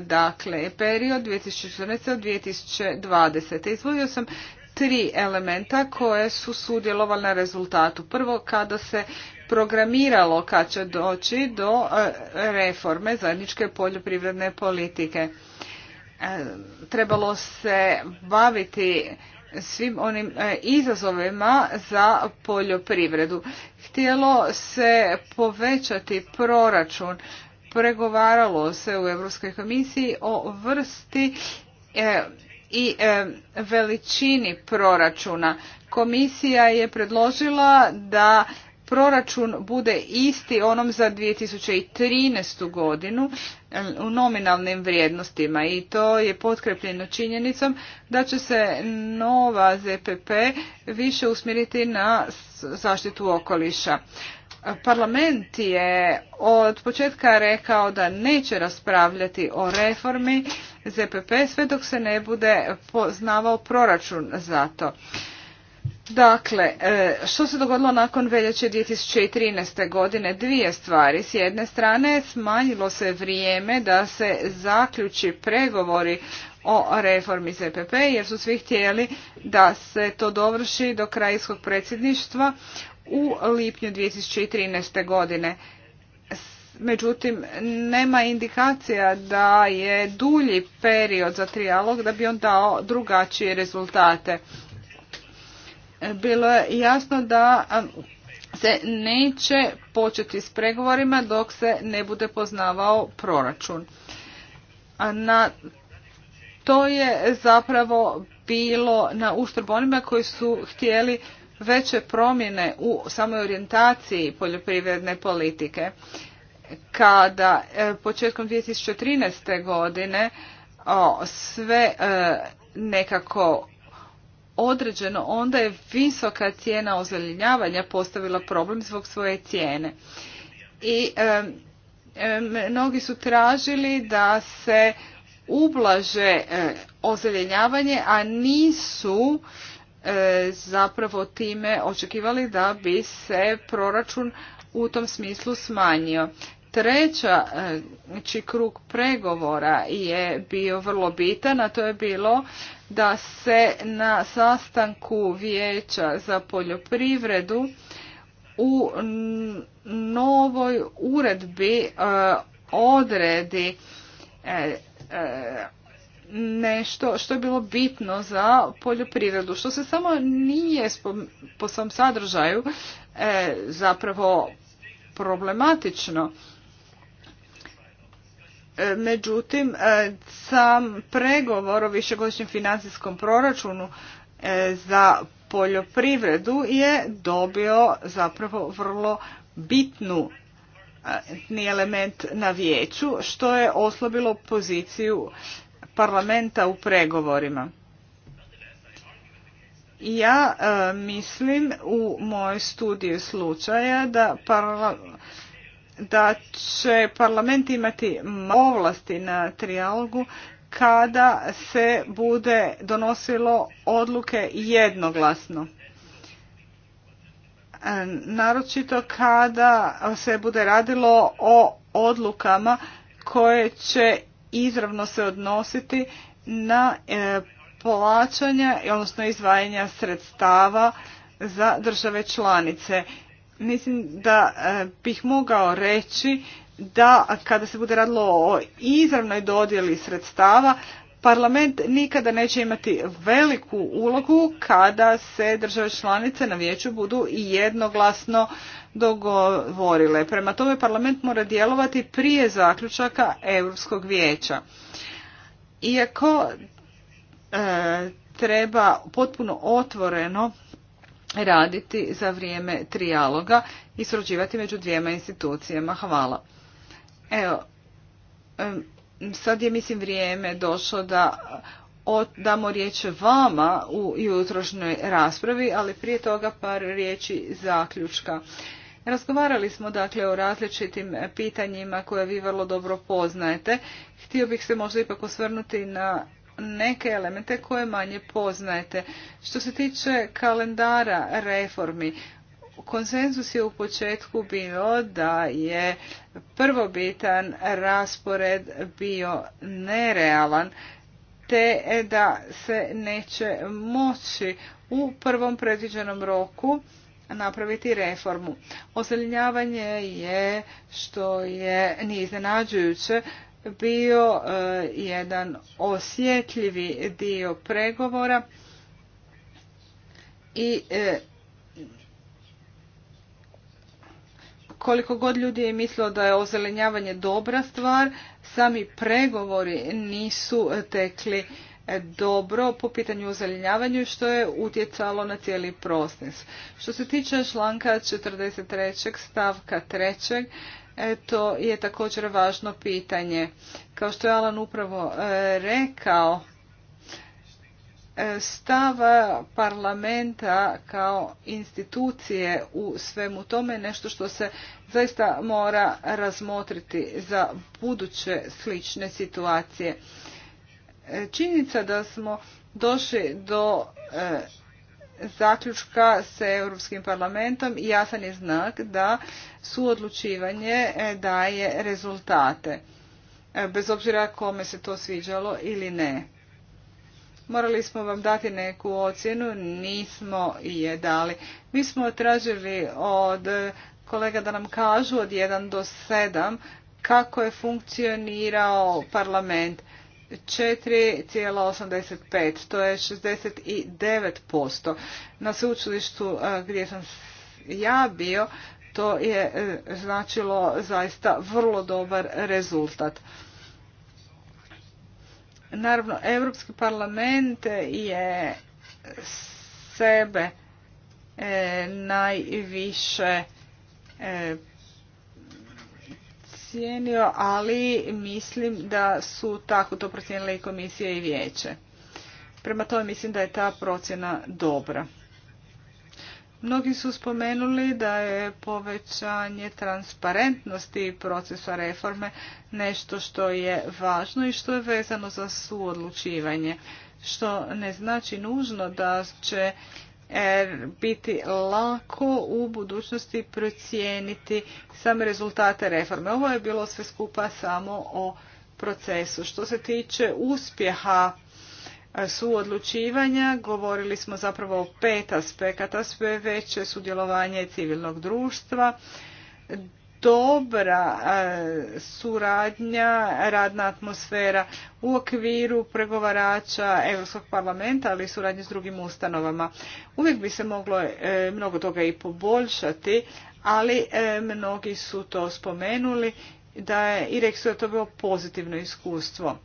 dakle, period 2014-2020. Izvojio sam tri elementa koje su sudjelovali na rezultatu. Prvo, kada se programiralo kad će doći do e, reforme zajedničke poljoprivredne politike. E, trebalo se baviti svim onim e, izazovima za poljoprivredu. Htjelo se povećati proračun. Pregovaralo se u Europskoj komisiji o vrsti i e, veličini proračuna. Komisija je predložila da proračun bude isti onom za 2013. godinu e, u nominalnim vrijednostima i to je potkrepljeno činjenicom da će se nova ZPP više usmjeriti na zaštitu okoliša. Parlament je od početka rekao da neće raspravljati o reformi ZPP sve dok se ne bude poznavao proračun za to. Dakle, e, što se dogodilo nakon veljače 2013. godine? Dvije stvari. S jedne strane smanjilo se vrijeme da se zaključi pregovori o reformi ZPP jer su svi htjeli da se to dovrši do krajskog predsjedništva u lipnju 2013. godine. Međutim, nema indikacija da je dulji period za trijalog da bi on dao drugačije rezultate. Bilo je jasno da se neće početi s pregovorima dok se ne bude poznavao proračun. A na to je zapravo bilo na uštrb onima koji su htjeli veće promjene u samoj orijentaciji poljoprivredne politike. Kada e, početkom 2013. godine sve e, nekako određeno, onda je visoka cijena ozeljenjavanja postavila problem zbog svoje cijene. I e, mnogi su tražili da se ublaže ozeljenjavanje, a nisu E, zapravo time očekivali da bi se proračun u tom smislu smanjio. Treća e, či znači, krug pregovora je bio vrlo bitan, a to je bilo da se na sastanku vijeća za poljoprivredu u novoj uredbi e, odredi nešto što je bilo bitno za poljoprivredu, što se samo nije po svom sadržaju e, zapravo problematično. E, međutim, e, sam pregovor o višegodišnjem financijskom proračunu za poljoprivredu je dobio zapravo vrlo bitnu element na vijeću, što je oslobilo poziciju parlamenta u pregovorima. Ja e, mislim u mojoj studiji slučaja da, da će parlament imati ovlasti na trijalogu kada se bude donosilo odluke jednoglasno. E, naročito kada se bude radilo o odlukama koje će izravno se odnositi na e, plaćanja, odnosno izvajanja sredstava za države članice. Mislim da e, bih mogao reći da kada se bude radilo o izravnoj dodjeli sredstava Parlament nikada neće imati veliku ulogu kada se države članice na vijeću budu jednoglasno dogovorile. Prema tome parlament mora djelovati prije zaključaka Europskog vijeća. Iako e, treba potpuno otvoreno raditi za vrijeme trijaloga i surađivati među dvijema institucijama. Hvala. Evo, sad je mislim vrijeme došlo da damo riječ vama u jutrošnjoj raspravi, ali prije toga par riječi zaključka. Razgovarali smo dakle o različitim pitanjima koje vi vrlo dobro poznajete. Htio bih se možda ipak osvrnuti na neke elemente koje manje poznajete. Što se tiče kalendara reformi, konsenzus je u početku bio da je prvobitan raspored bio nerealan te da se neće moći u prvom predviđenom roku napraviti reformu. Ozelenjavanje je, što je nije iznenađujuće, bio e, jedan osjetljivi dio pregovora i e, koliko god ljudi je mislilo da je ozelenjavanje dobra stvar, sami pregovori nisu tekli dobro po pitanju ozelenjavanja što je utjecalo na cijeli proces. Što se tiče članka 43. stavka 3. E, to je također važno pitanje. Kao što je Alan upravo e, rekao, stav parlamenta kao institucije u svemu tome nešto što se zaista mora razmotriti za buduće slične situacije. E, činjenica da smo došli do e, zaključka s Europskim parlamentom i jasan je znak da suodlučivanje e, daje rezultate, bez obzira kome se to sviđalo ili ne. Morali smo vam dati neku ocjenu, nismo je dali. Mi smo tražili od eh, kolega da nam kažu od 1 do 7 kako je funkcionirao parlament. 4,85, to je 69%. Na sveučilištu eh, gdje sam ja bio, to je eh, značilo zaista vrlo dobar rezultat. Naravno, Europski parlament je sebe e, najviše e, cijenio, ali mislim da su tako to procijenile i komisije i vijeće. Prema tome mislim da je ta procjena dobra. Mnogi su spomenuli da je povećanje transparentnosti procesa reforme nešto što je važno i što je vezano za suodlučivanje, što ne znači nužno da će er, biti lako u budućnosti procijeniti same rezultate reforme. Ovo je bilo sve skupa samo o procesu. Što se tiče uspjeha suodlučivanja. Govorili smo zapravo o pet aspekata, sve veće sudjelovanje civilnog društva, dobra e, suradnja, radna atmosfera u okviru pregovarača Europskog parlamenta, ali i suradnje s drugim ustanovama. Uvijek bi se moglo e, mnogo toga i poboljšati, ali e, mnogi su to spomenuli da je i rekli su da to bilo pozitivno iskustvo.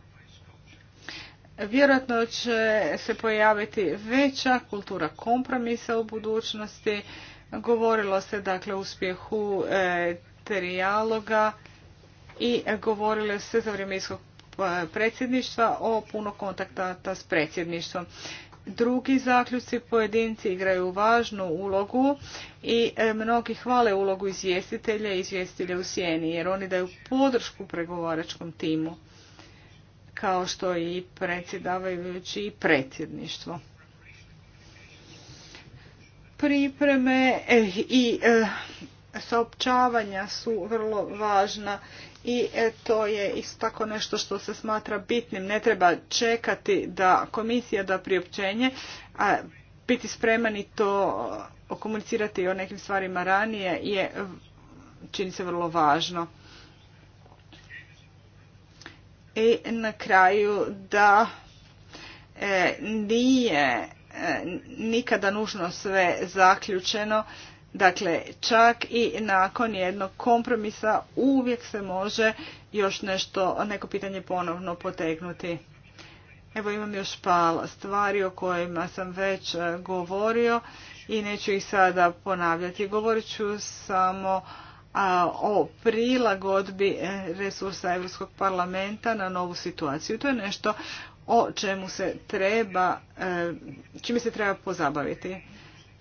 Vjerojatno će se pojaviti veća kultura kompromisa u budućnosti. Govorilo se dakle o uspjehu e, trijaloga i govorilo se za vrijeme iskog e, predsjedništva o puno kontakta s predsjedništvom. Drugi zaključci pojedinci igraju važnu ulogu i e, mnogi hvale ulogu izvjestitelja i izvjestitelja u sjeni jer oni daju podršku pregovaračkom timu kao što i predsjedavajući i predsjedništvo. Pripreme eh, i eh, saopćavanja su vrlo važna i eh, to je isto tako nešto što se smatra bitnim. Ne treba čekati da komisija da priopćenje, a biti spreman i to komunicirati o nekim stvarima ranije je čini se vrlo važno i na kraju da e, nije e, nikada nužno sve zaključeno. Dakle, čak i nakon jednog kompromisa uvijek se može još nešto, neko pitanje ponovno potegnuti. Evo imam još pal stvari o kojima sam već e, govorio i neću ih sada ponavljati. Govorit ću samo o prilagodbi e, resursa Europskog parlamenta na novu situaciju. To je nešto o čemu se treba, e, čime se treba pozabaviti.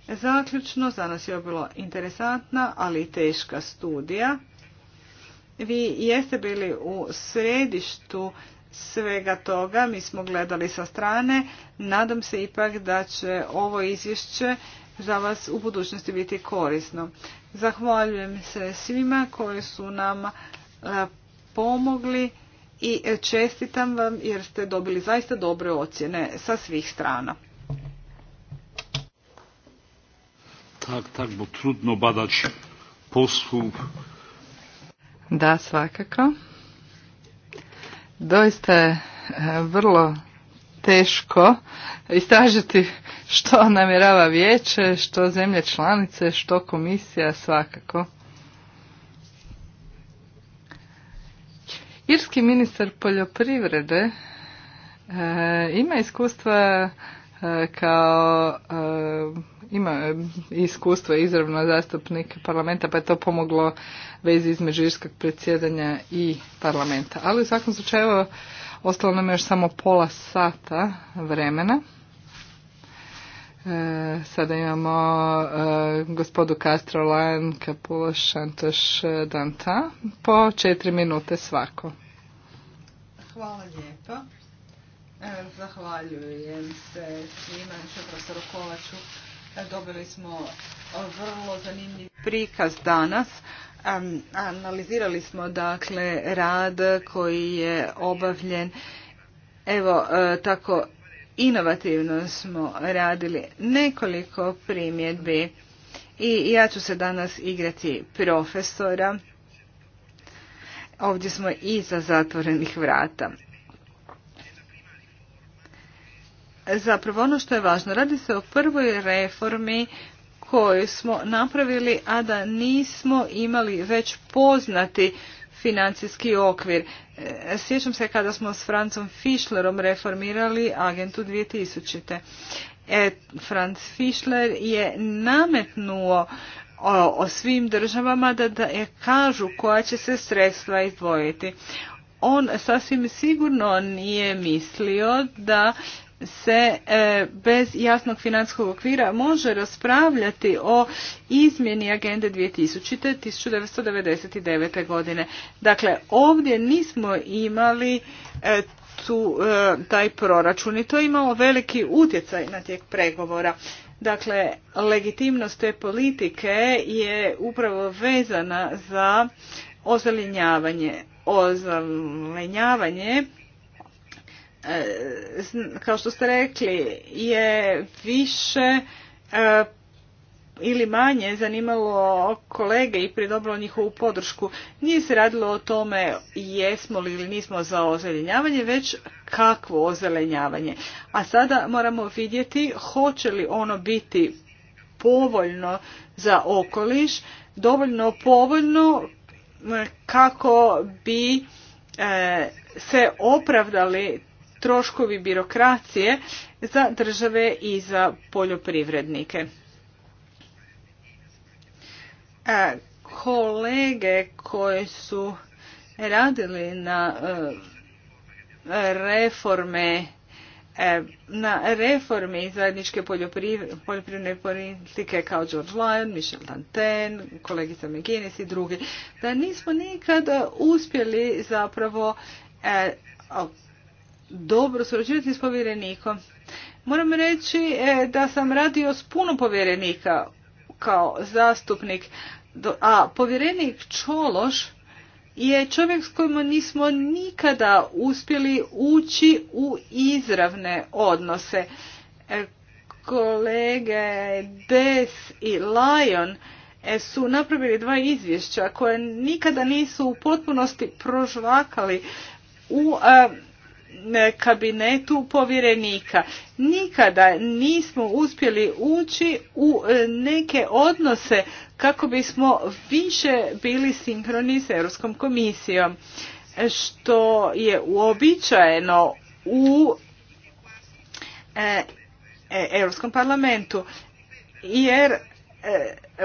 Zaključno, za nas je bilo interesantna, ali i teška studija. Vi jeste bili u središtu svega toga, mi smo gledali sa strane. Nadam se ipak da će ovo izvješće za vas u budućnosti biti korisno. Zahvaljujem se svima koji su nam e, pomogli i čestitam vam jer ste dobili zaista dobre ocjene sa svih strana. Tak, tak, bo trudno badać Da, svakako. Doista je vrlo teško istražiti što namjerava vijeće, što zemlje članice, što komisija svakako. Irski ministar poljoprivrede e, ima iskustva e, kao e, ima iskustvo izravno zastupnik parlamenta, pa je to pomoglo vezi između irskog predsjedanja i parlamenta. Ali u svakom slučaju Ostalo nam je još samo pola sata vremena. E, sada imamo e, gospodu Castro, Lajan, Capulo, Šantoš, e, Danta. Po četiri minute svako. Hvala lijepa. zahvaljujem se svima, profesoru Kovaču. Dobili smo vrlo zanimljiv prikaz danas Analizirali smo dakle rad koji je obavljen. Evo, e, tako inovativno smo radili nekoliko primjedbi i ja ću se danas igrati profesora. Ovdje smo iza zatvorenih vrata. Zapravo ono što je važno, radi se o prvoj reformi koju smo napravili, a da nismo imali već poznati financijski okvir. E, sjećam se kada smo s Francom Fischlerom reformirali agentu 2000. E, Franz Fischler je nametnuo o, svim državama da, da je kažu koja će se sredstva izdvojiti. On sasvim sigurno nije mislio da se e, bez jasnog financijskog okvira može raspravljati o izmjeni agende 2000. 1999. godine. Dakle, ovdje nismo imali e, tu, e, taj proračun i to je imalo veliki utjecaj na tijek pregovora. Dakle, legitimnost te politike je upravo vezana za ozelenjavanje. Ozelenjavanje E, kao što ste rekli, je više e, ili manje zanimalo kolege i pridobilo njihovu podršku. Nije se radilo o tome jesmo li ili nismo za ozelenjavanje, već kakvo ozelenjavanje. A sada moramo vidjeti hoće li ono biti povoljno za okoliš, dovoljno povoljno e, kako bi se opravdali troškovi birokracije za države i za poljoprivrednike. E, kolege koje su radili na e, reforme e, na reformi zajedničke poljoprivredne politike kao George Lyon, Michel kolegi kolegica McGuinness i drugi, da nismo nikada uspjeli zapravo dobro surađivati s povjerenikom. Moram reći e, da sam radio s puno povjerenika kao zastupnik, a povjerenik Čološ je čovjek s kojim nismo nikada uspjeli ući u izravne odnose. E, kolege Des i Lion e, su napravili dva izvješća koje nikada nisu u potpunosti prožvakali u kabinetu povjerenika. Nikada nismo uspjeli ući u e, neke odnose kako bismo više bili sinkroni s Europskom komisijom, što je uobičajeno u e, e, Europskom parlamentu, jer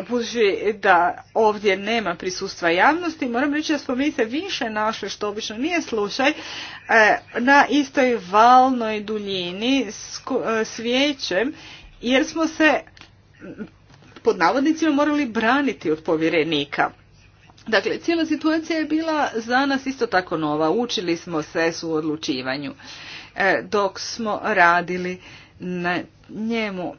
budući da ovdje nema prisustva javnosti, moram reći da smo mi se više našli, što obično nije slučaj, e, na istoj valnoj duljini s e, vijećem, jer smo se pod navodnicima morali braniti od povjerenika. Dakle, cijela situacija je bila za nas isto tako nova. Učili smo se u odlučivanju e, dok smo radili na njemu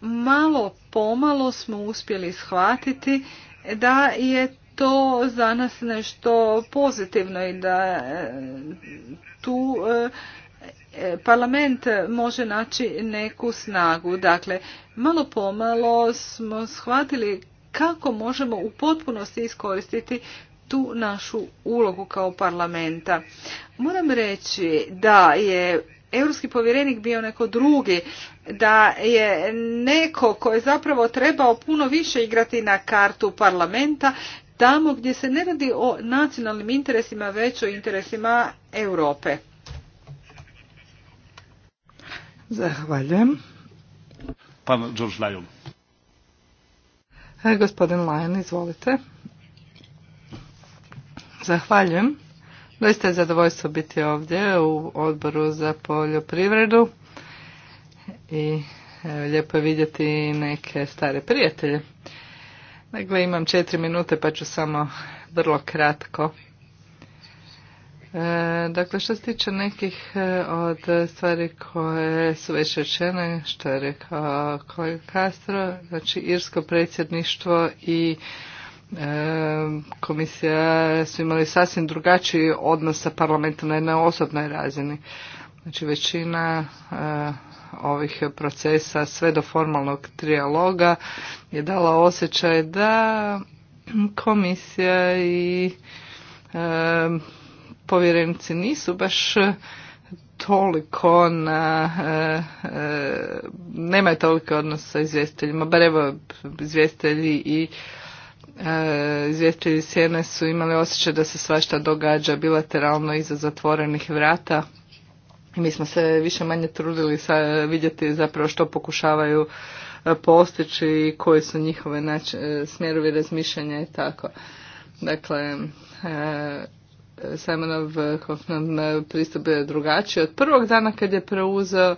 malo pomalo smo uspjeli shvatiti da je to za nas nešto pozitivno i da e, tu e, parlament može naći neku snagu. Dakle, malo pomalo smo shvatili kako možemo u potpunosti iskoristiti tu našu ulogu kao parlamenta. Moram reći da je europski povjerenik bio neko drugi, da je neko koji je zapravo trebao puno više igrati na kartu parlamenta, tamo gdje se ne radi o nacionalnim interesima, već o interesima Europe. Zahvaljujem. Pan George Lyon. E, gospodin Lyon, izvolite. Zahvaljujem. Doista je zadovoljstvo biti ovdje u odboru za poljoprivredu i e, lijepo je vidjeti neke stare prijatelje. Dakle, imam četiri minute pa ću samo vrlo kratko. E, dakle, što se tiče nekih e, od stvari koje su već rečene, što je rekao kolega Castro, znači Irsko predsjedništvo i E, komisija su imali sasvim drugačiji odnos sa parlamentom na jednoj osobnoj razini. Znači većina e, ovih procesa sve do formalnog trijaloga je dala osjećaj da komisija i e, povjerenici nisu baš toliko na e, nemaju toliko odnosa sa izvjestiteljima, bar evo izvjestitelji i E, izvjestitelji sjene su imali osjećaj da se svašta događa bilateralno iza zatvorenih vrata. Mi smo se više manje trudili vidjeti zapravo što pokušavaju e, postići i koji su njihove e, smjerovi razmišljanja i tako. Dakle, Simonov pristup je drugačiji. Od prvog dana kad je preuzeo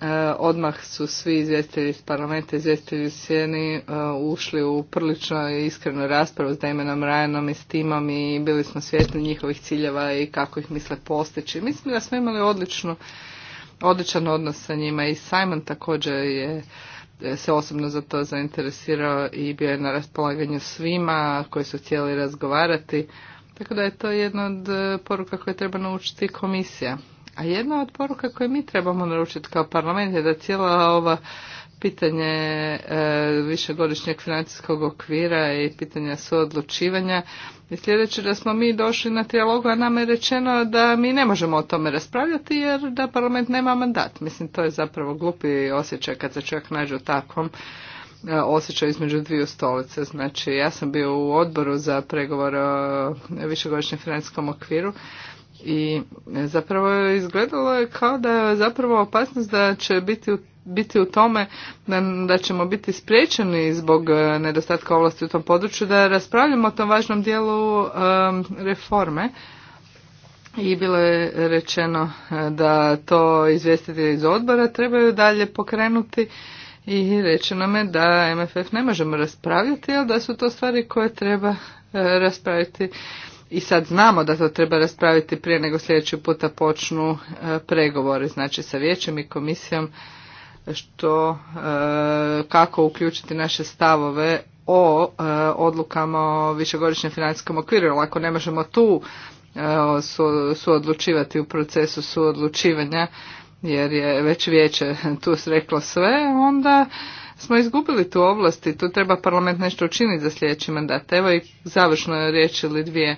E, odmah su svi izvjestitelji iz parlamenta, izvjestitelji u sjeni e, ušli u prilično iskrenu raspravu s Damonom Ryanom i s timom i bili smo svjesni njihovih ciljeva i kako ih misle postići. Mislim da smo imali odličnu, odličan odnos sa njima i Simon također je e, se osobno za to zainteresirao i bio je na raspolaganju svima koji su htjeli razgovarati. Tako da je to jedna od poruka koje treba naučiti komisija. A jedna od poruka koje mi trebamo naručiti kao parlament je da cijela ova pitanje e, višegodišnjeg financijskog okvira i pitanja suodlučivanja. I sljedeće da smo mi došli na trijalogu, a nama je rečeno da mi ne možemo o tome raspravljati jer da parlament nema mandat. Mislim, to je zapravo glupi osjećaj kad se čovjek nađe u takvom e, osjećaju između dviju stolice. Znači, ja sam bio u odboru za pregovor o višegodišnjem financijskom okviru i zapravo je izgledalo je kao da je zapravo opasnost da će biti u biti u tome da, ćemo biti spriječeni zbog e, nedostatka ovlasti u tom području da raspravljamo o tom važnom dijelu reforme i bilo je rečeno e, da to izvjestitelji iz odbora trebaju dalje pokrenuti i rečeno me da MFF ne možemo raspravljati, ali da su to stvari koje treba e, raspraviti i sad znamo da to treba raspraviti prije nego sljedeći puta počnu e, pregovori, znači sa vijećem i komisijom što e, kako uključiti naše stavove o e, odlukama o višegodišnjem financijskom okviru, ali ako ne možemo tu suodlučivati u procesu suodlučivanja jer je već vijeće tu sreklo sve, onda smo izgubili tu i tu treba parlament nešto učiniti za sljedeći mandat. Evo i završno je riječ ili dvije.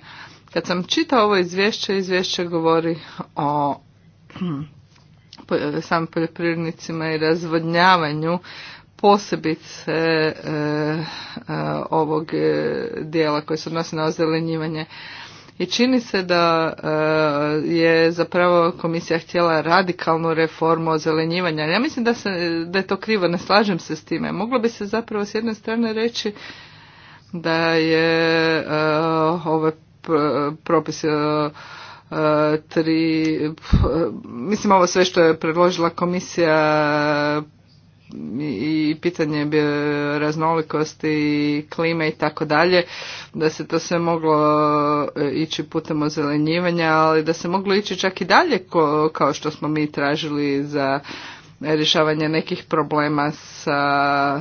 Kad sam čitao ovo izvješće, izvješće govori o samim poljoprivrednicima i razvodnjavanju posebice e, e, ovog e, dijela koji se odnosi na ozelenjivanje i čini se da e, je zapravo komisija htjela radikalnu reformu ozelenjivanja. Ja mislim da, se, da je to krivo, ne slažem se s time. Moglo bi se zapravo s jedne strane reći da je e, ove propise e, tri, mislim ovo sve što je predložila komisija i pitanje raznolikosti i klime i tako dalje, da se to sve moglo e, ići putem ozelenjivanja, ali da se moglo ići čak i dalje kao što smo mi tražili za rješavanje nekih problema sa e,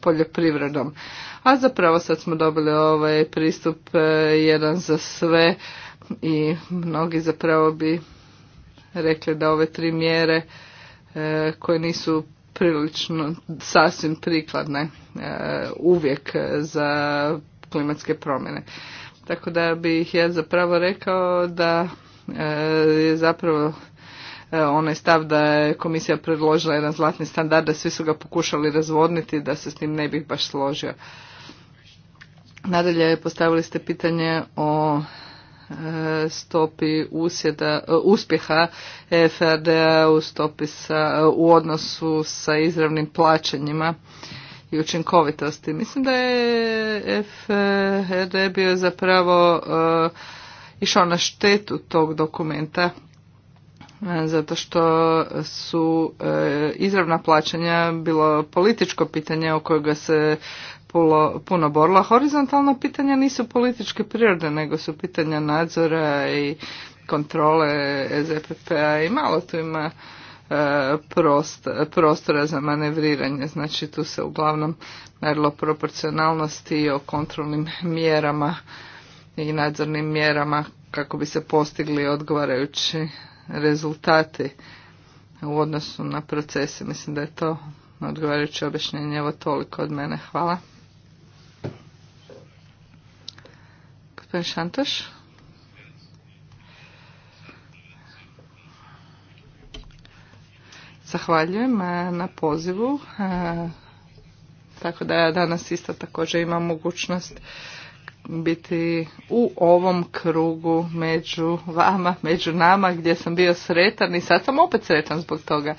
poljoprivredom. A zapravo sad smo dobili ovaj pristup e, jedan za sve i mnogi zapravo bi rekli da ove tri mjere koje nisu prilično sasvim prikladne e, uvijek za klimatske promjene. Tako da bih ja zapravo rekao da e, je zapravo e, onaj stav da je komisija predložila jedan zlatni standard, da svi su ga pokušali razvodniti, da se s tim ne bih baš složio. Nadalje postavili ste pitanje o E, stopi usjeda, e, uspjeha FRD u, stopi sa, u odnosu sa izravnim plaćanjima i učinkovitosti. Mislim da je FRD bio zapravo e, išao na štetu tog dokumenta zato što su izravna plaćanja bilo političko pitanje o kojega se puno, puno borila. Horizontalna pitanja nisu političke prirode, nego su pitanja nadzora i kontrole EZPP-a i malo tu ima e, Prost, prostora za manevriranje. Znači tu se uglavnom radilo proporcionalnosti i o kontrolnim mjerama i nadzornim mjerama kako bi se postigli odgovarajući rezultati u odnosu na procese. Mislim da je to odgovarajuće objašnjenje. Evo toliko od mene. Hvala. Gospodin Zahvaljujem e, na pozivu. E, tako da ja danas isto također imam mogućnost biti u ovom krugu među vama, među nama gdje sam bio sretan i sad sam opet sretan zbog toga.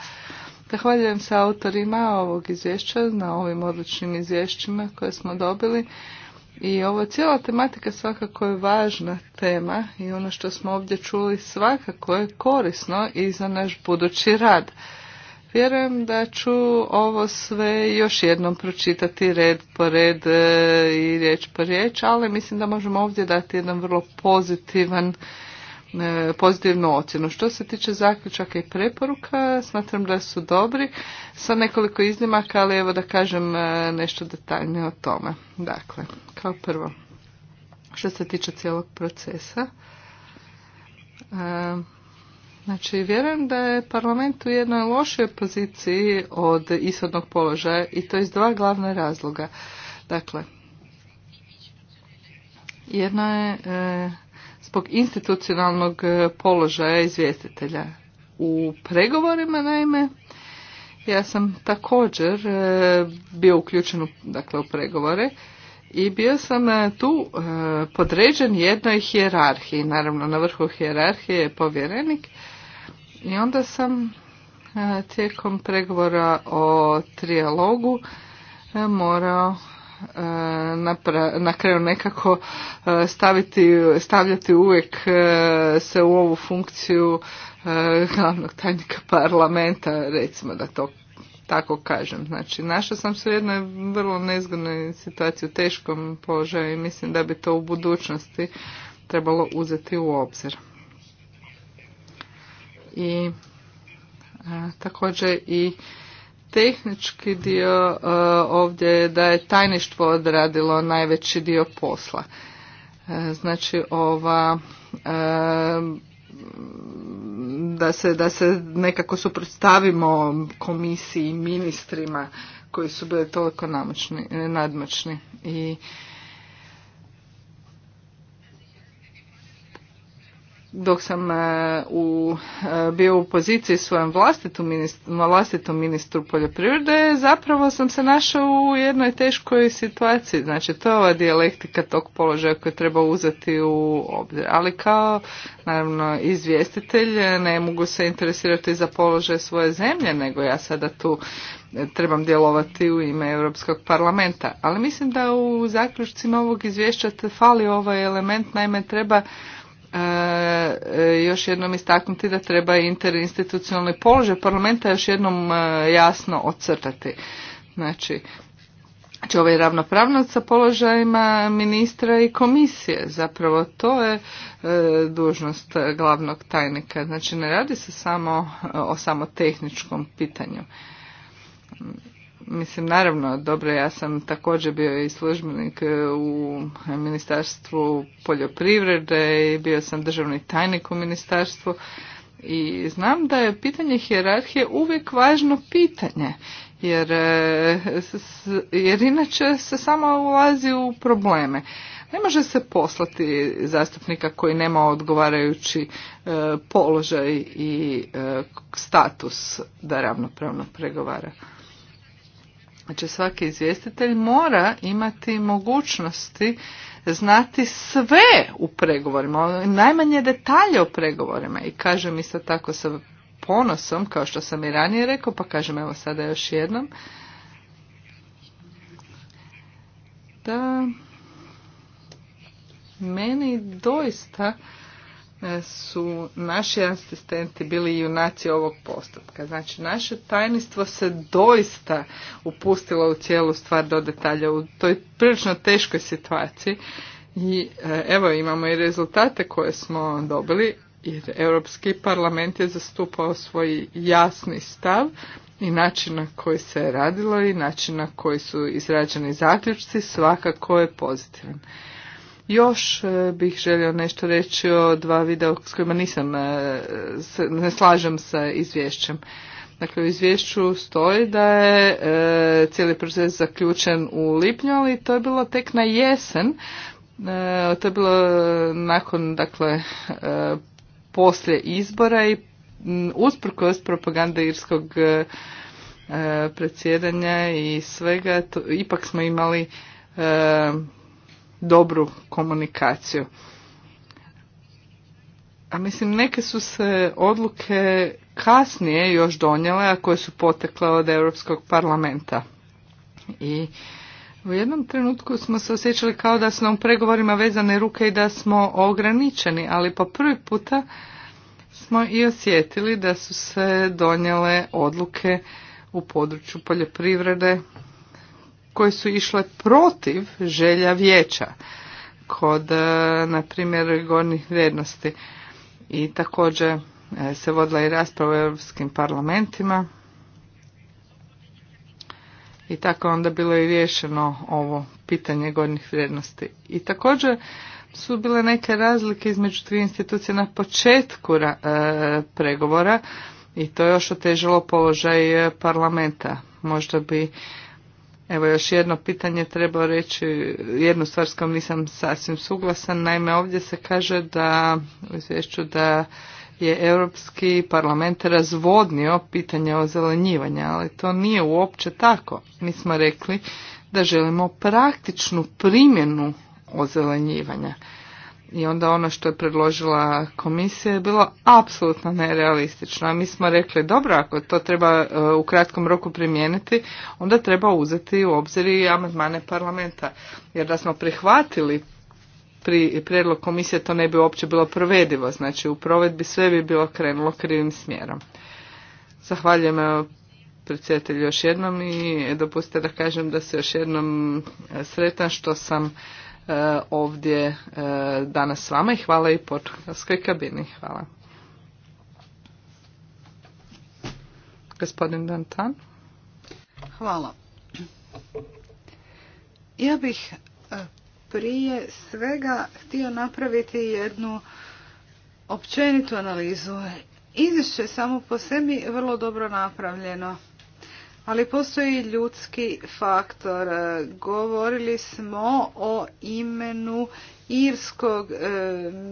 Zahvaljujem se autorima ovog izvješća na ovim odličnim izvješćima koje smo dobili i ova cijela tematika svakako je važna tema i ono što smo ovdje čuli svakako je korisno i za naš budući rad. Vjerujem da ću ovo sve još jednom pročitati red po red e, i riječ po riječ, ali mislim da možemo ovdje dati jedan vrlo pozitivan E, pozitivnu ocjenu. Što se tiče zaključaka i preporuka, smatram da su dobri sa nekoliko iznimaka, ali evo da kažem e, nešto detaljnije o tome. Dakle, kao prvo, što se tiče cijelog procesa, e, Znači, vjerujem da je parlament u jednoj lošoj poziciji od ishodnog položaja i to iz dva glavna razloga. Dakle, jedna je zbog institucionalnog e, položaja izvjestitelja. U pregovorima naime ja sam također e, bio uključen u, dakle, u pregovore i bio sam e, tu podređen jednoj hijerarhiji. Naravno na vrhu hijerarhije je povjerenik i onda sam tijekom pregovora o trijalogu morao E, na kraju nekako e, staviti, stavljati uvijek e, se u ovu funkciju glavnog tajnika parlamenta, recimo da to tako kažem. Znači, našla sam se u jednoj vrlo nezgodnoj situaciji, u teškom položaju i mislim da bi to u budućnosti trebalo uzeti u obzir. I također i tehnički dio eh, ovdje je da je tajništvo odradilo najveći dio posla. Eh, znači ova eh, da se, da se nekako suprotstavimo komisiji, i ministrima koji su bili toliko namočni, nadmoćni i dok sam e, u, e, bio u poziciji svojem vlastitom ministru, ministru poljoprivrede, zapravo sam se našao u jednoj teškoj situaciji. Znači, to je ova dijalektika tog položaja koju treba uzeti u obzir. Ali kao, naravno, izvjestitelj ne mogu se interesirati za položaj svoje zemlje, nego ja sada tu e, trebam djelovati u ime Europskog parlamenta. Ali mislim da u zaključcima ovog izvješća fali ovaj element, naime treba E, e, još jednom istaknuti da treba interinstitucionalni položaj parlamenta još jednom e, jasno ocrtati. Znači, će znači ovaj ravnopravnost sa položajima ministra i komisije. Zapravo to je dužnost glavnog tajnika. Znači ne radi se samo o samo tehničkom pitanju mislim naravno dobro ja sam također bio i službenik e, u ministarstvu poljoprivrede i bio sam državni tajnik u ministarstvu i znam da je pitanje hijerarhije uvijek važno pitanje jer, e, jer inače se samo ulazi u probleme. Ne može se poslati zastupnika koji nema odgovarajući e, položaj i status da ravnopravno pregovara. Znači svaki izvjestitelj mora imati mogućnosti znati sve u pregovorima, najmanje detalje o pregovorima i kažem isto tako sa ponosom, kao što sam i ranije rekao, pa kažem evo sada još jednom, da meni doista su naši asistenti bili junaci ovog postupka. Znači, naše tajnistvo se doista upustilo u cijelu stvar do detalja u toj prilično teškoj situaciji i e, evo imamo i rezultate koje smo dobili jer Europski parlament je zastupao svoj jasni stav i način na koji se je radilo i način na koji su izrađeni zaključci svakako je pozitivan. Još e, bih želio nešto reći o dva videa s kojima nisam, e, ne slažem sa izvješćem. Dakle, u izvješću stoji da je e, cijeli proces zaključen u lipnju, ali to je bilo tek na jesen. to je bilo nakon, dakle, poslije izbora i usprkos propagande irskog predsjedanja i svega, ipak smo imali dobru komunikaciju. A mislim, neke su se odluke kasnije još donijele, a koje su potekle od Europskog parlamenta. I u jednom trenutku smo se osjećali kao da su nam pregovorima vezane ruke i da smo ograničeni, ali po prvi puta smo i osjetili da su se donijele odluke u području poljoprivrede koje su išle protiv želja vijeća kod, e, na primjer, gornjih vrijednosti. I također e, se vodila i rasprava u europskim parlamentima. I tako onda bilo i riješeno ovo pitanje gornjih vrijednosti. I također su bile neke razlike između dvije institucije na početku e, pregovora i to je još otežalo položaj parlamenta. Možda bi Evo još jedno pitanje treba reći, jednu stvar s kojom nisam sasvim suglasan. Naime, ovdje se kaže da u izvješću da je Europski parlament razvodnio pitanje ozelenjivanja, ali to nije uopće tako. Mi smo rekli da želimo praktičnu primjenu ozelenjivanja i onda ono što je predložila komisija je bilo apsolutno nerealistično. A mi smo rekli, dobro, ako to treba e, u kratkom roku primijeniti, onda treba uzeti u obzir i amandmane parlamenta. Jer da smo prihvatili pri prijedlog komisije, to ne bi uopće bilo provedivo. Znači, u provedbi sve bi bilo krenulo krivim smjerom. Zahvaljujem predsjedatelju još jednom i dopustite da kažem da se još jednom e, sretan što sam E, ovdje e, danas s vama i hvala i portugalskoj kabini. Hvala. Gospodin Dantan. Hvala. Ja bih e, prije svega htio napraviti jednu općenitu analizu. Izvješće samo po sebi vrlo dobro napravljeno. Ali postoji ljudski faktor. E, govorili smo o imenu irskog e,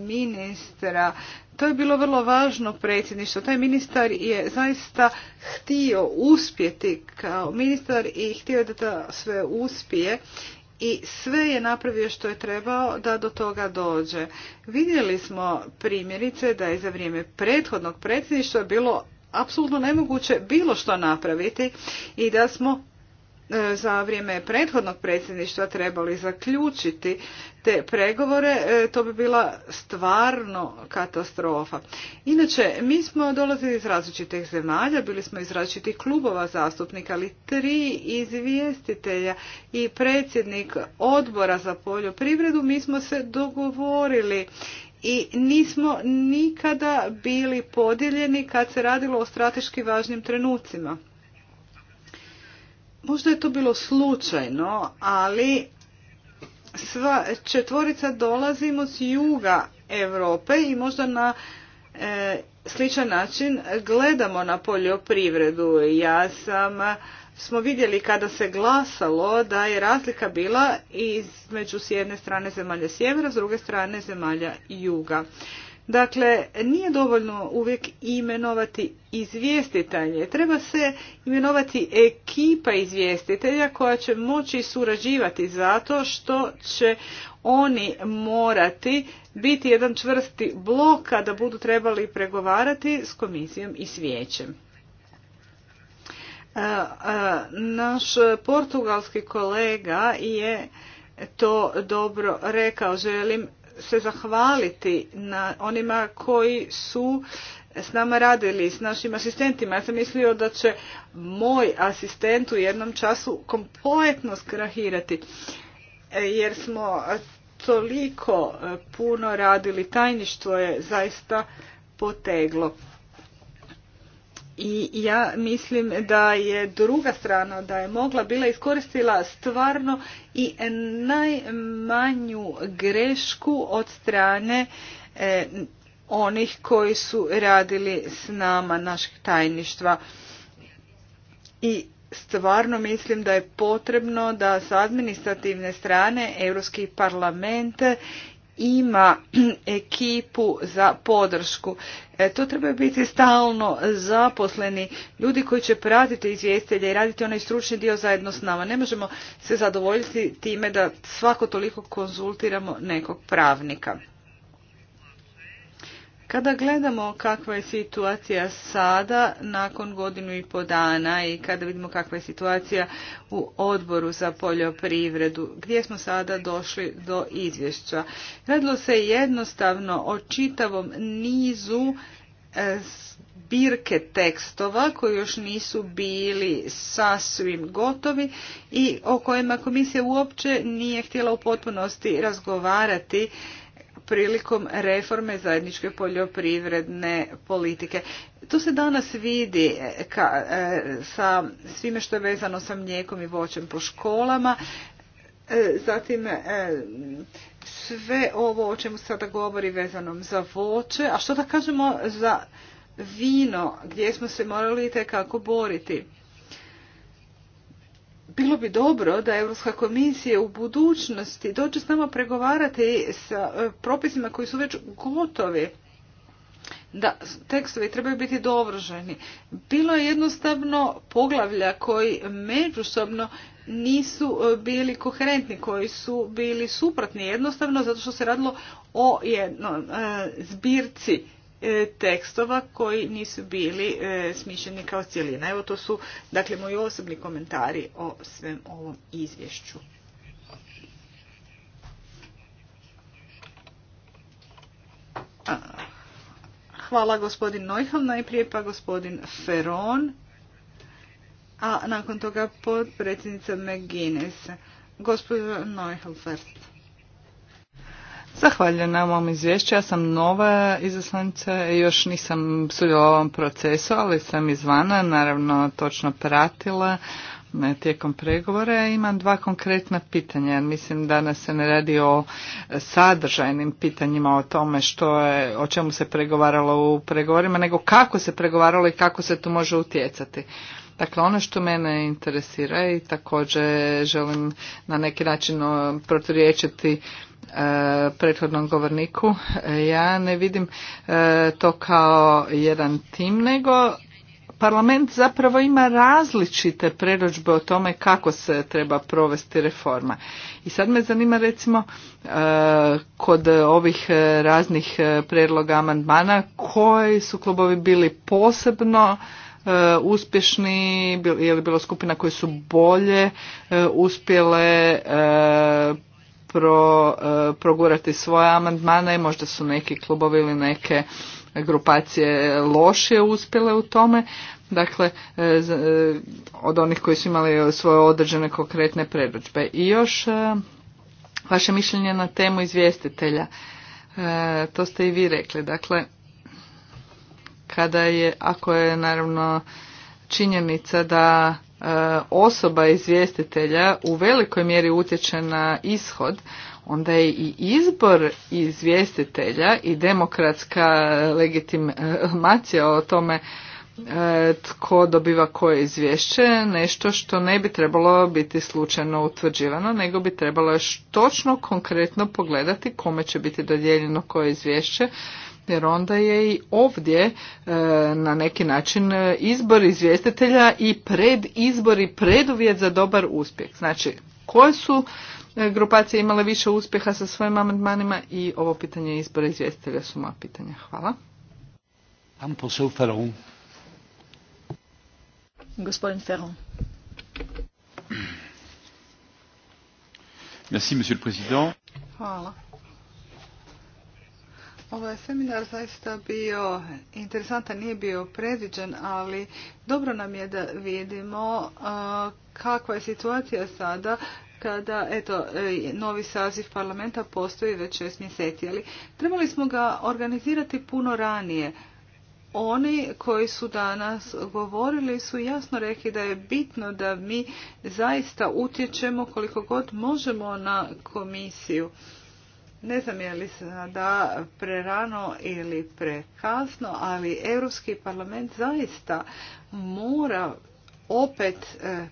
ministra. To je bilo vrlo važno predsjedništvo. Taj ministar je zaista htio uspjeti kao ministar i htio da to sve uspije i sve je napravio što je trebao da do toga dođe. Vidjeli smo primjerice da je za vrijeme prethodnog predsjedništva bilo apsolutno nemoguće bilo što napraviti i da smo e, za vrijeme prethodnog predsjedništva trebali zaključiti te pregovore, e, to bi bila stvarno katastrofa. Inače, mi smo dolazili iz različitih zemalja, bili smo iz različitih klubova zastupnika, ali tri izvjestitelja i predsjednik odbora za poljoprivredu, mi smo se dogovorili i nismo nikada bili podijeljeni kad se radilo o strateški važnim trenucima. Možda je to bilo slučajno, ali sva četvorica dolazimo s juga Europe i možda na e, sličan način gledamo na poljoprivredu. Ja sam smo vidjeli kada se glasalo da je razlika bila između s jedne strane zemalja sjevera, s druge strane zemalja juga. Dakle, nije dovoljno uvijek imenovati izvjestitelje. Treba se imenovati ekipa izvjestitelja koja će moći surađivati zato što će oni morati biti jedan čvrsti blok kada budu trebali pregovarati s komisijom i svijećem. E, e, naš portugalski kolega je to dobro rekao. Želim se zahvaliti na onima koji su s nama radili, s našim asistentima. Ja sam mislio da će moj asistent u jednom času kompletno skrahirati, e, jer smo toliko puno radili. Tajništvo je zaista poteglo. I ja mislim da je druga strana, da je mogla bila iskoristila stvarno i najmanju grešku od strane e, onih koji su radili s nama našeg tajništva. I stvarno mislim da je potrebno da sa administrativne strane Europski parlament ima ekipu za podršku. E, to trebaju biti stalno zaposleni ljudi koji će pratiti izvjestelje i raditi onaj stručni dio zajedno s nama. Ne možemo se zadovoljiti time da svako toliko konzultiramo nekog pravnika. Kada gledamo kakva je situacija sada, nakon godinu i po dana i kada vidimo kakva je situacija u odboru za poljoprivredu, gdje smo sada došli do izvješća. Radilo se jednostavno o čitavom nizu e, birke tekstova koji još nisu bili sasvim gotovi i o kojima komisija uopće nije htjela u potpunosti razgovarati prilikom reforme zajedničke poljoprivredne politike. To se danas vidi e, ka, e, sa svime što je vezano sa mlijekom i voćem po školama, e, zatim sve ovo o čemu sada govori vezano za voće, a što da kažemo za vino gdje smo se morali kako boriti bilo bi dobro da Europska komisija u budućnosti dođe s nama pregovarati sa e, propisima koji su već gotovi da tekstovi trebaju biti dovrženi. Bilo je jednostavno poglavlja koji međusobno nisu e, bili koherentni, koji su bili suprotni jednostavno zato što se radilo o jednom e, zbirci E, tekstova koji nisu bili e, smišljeni kao cijelina. Evo to su dakle moji osobni komentari o svem ovom izvješću. Hvala gospodin Nojhal najprije pa gospodin Feron, a nakon toga podpredsjednica McGuinness. Gospodin first. Zahvaljujem na ovom izvješću. Ja sam nova izaslanica, još nisam sudjela u ovom procesu, ali sam izvana, naravno točno pratila e, tijekom pregovora. Imam dva konkretna pitanja, mislim danas se ne radi o sadržajnim pitanjima o tome što je, o čemu se pregovaralo u pregovorima, nego kako se pregovaralo i kako se to može utjecati. Dakle, ono što mene interesira i također želim na neki način proturječiti E, prethodnom govorniku. E, ja ne vidim e, to kao jedan tim, nego parlament zapravo ima različite predođbe o tome kako se treba provesti reforma. I sad me zanima recimo kod ovih raznih predloga amandmana koji su klubovi bili posebno uspješni, je li bilo skupina koje su bolje uspjele pro, e, progurati svoje amandmane i možda su neki klubovi ili neke grupacije loše uspjele u tome. Dakle, e, e, od onih koji su imali svoje određene konkretne predođbe. I još vaše mišljenje na temu izvjestitelja. To ste i vi rekli. Dakle, kada je, ako je naravno činjenica da E, osoba izvjestitelja u velikoj mjeri utječe na ishod, onda je i izbor izvjestitelja i demokratska legitimacija o tome e, tko dobiva koje izvješće, nešto što ne bi trebalo biti slučajno utvrđivano, nego bi trebalo još točno, konkretno pogledati kome će biti dodijeljeno koje izvješće, jer onda je i ovdje e, na neki način e, izbor izvjestitelja i pred izbori preduvjet za dobar uspjeh. Znači, koje su e, grupacije imale više uspjeha sa svojim amandmanima i ovo pitanje izbora izvjestitelja su moja pitanja. Hvala. Gospodin Merci, monsieur le Président. Hvala. Ovaj seminar zaista bio interesantan, nije bio predviđen, ali dobro nam je da vidimo kakva je situacija sada kada eto, e, novi saziv parlamenta postoji već šest mjeseci. Ali trebali smo ga organizirati puno ranije. Oni koji su danas govorili su jasno rekli da je bitno da mi zaista utječemo koliko god možemo na komisiju ne znam je li sada prerano ili prekasno, ali Europski parlament zaista mora opet e,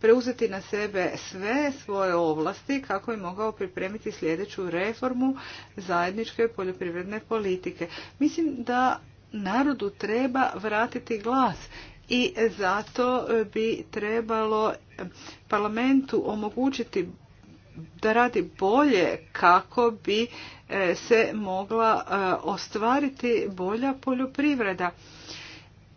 preuzeti na sebe sve svoje ovlasti kako je mogao pripremiti sljedeću reformu zajedničke poljoprivredne politike. Mislim da narodu treba vratiti glas i zato bi trebalo parlamentu omogućiti da radi bolje kako bi e, se mogla e, ostvariti bolja poljoprivreda.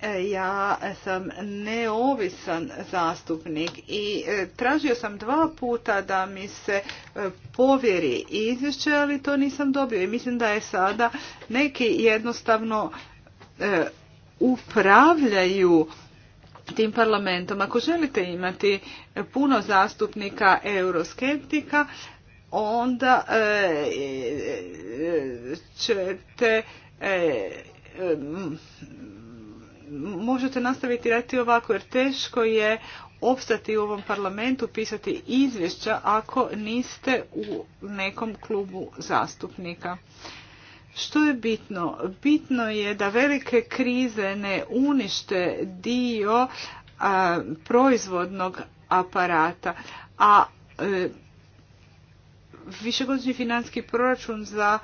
E, ja sam neovisan zastupnik i tražio sam dva puta da mi se povjeri izvješće, ali to nisam dobio i mislim da je sada neki jednostavno upravljaju tim parlamentom. Ako želite imati puno zastupnika euroskeptika, onda e, ćete e, možete nastaviti raditi ovako jer teško je opstati u ovom parlamentu, pisati izvješća ako niste u nekom klubu zastupnika. Što je bitno? Bitno je da velike krize ne unište dio proizvodnog aparata, a e, višegodišnji financijski proračun za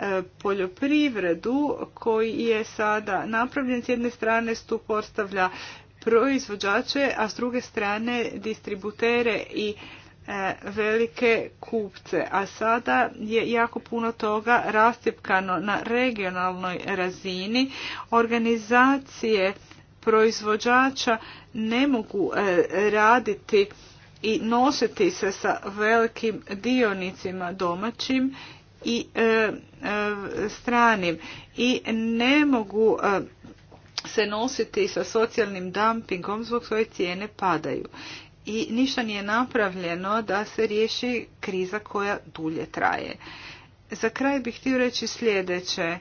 e, poljoprivredu koji je sada napravljen s jedne strane tu postavlja proizvođače, a s druge strane distributere i E, velike kupce, a sada je jako puno toga rastipkano na regionalnoj razini. Organizacije proizvođača ne mogu e, raditi i nositi se sa velikim dionicima domaćim i e, stranim i ne mogu se nositi sa socijalnim dumpingom zbog svoje cijene padaju i ništa nije napravljeno da se riješi kriza koja dulje traje. Za kraj bih htio reći sljedeće.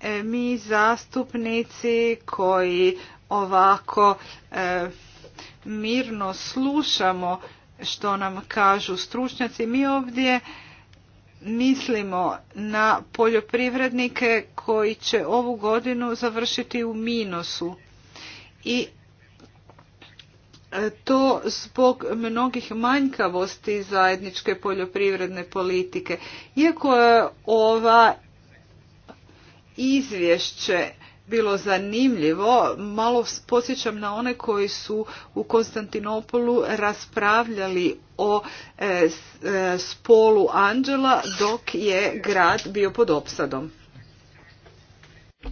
E, mi zastupnici koji ovako e, mirno slušamo što nam kažu stručnjaci, mi ovdje mislimo na poljoprivrednike koji će ovu godinu završiti u minusu. I to zbog mnogih manjkavosti zajedničke poljoprivredne politike. Iako je ova izvješće bilo zanimljivo, malo podsjećam na one koji su u Konstantinopolu raspravljali o e, e, spolu Anđela dok je grad bio pod opsadom.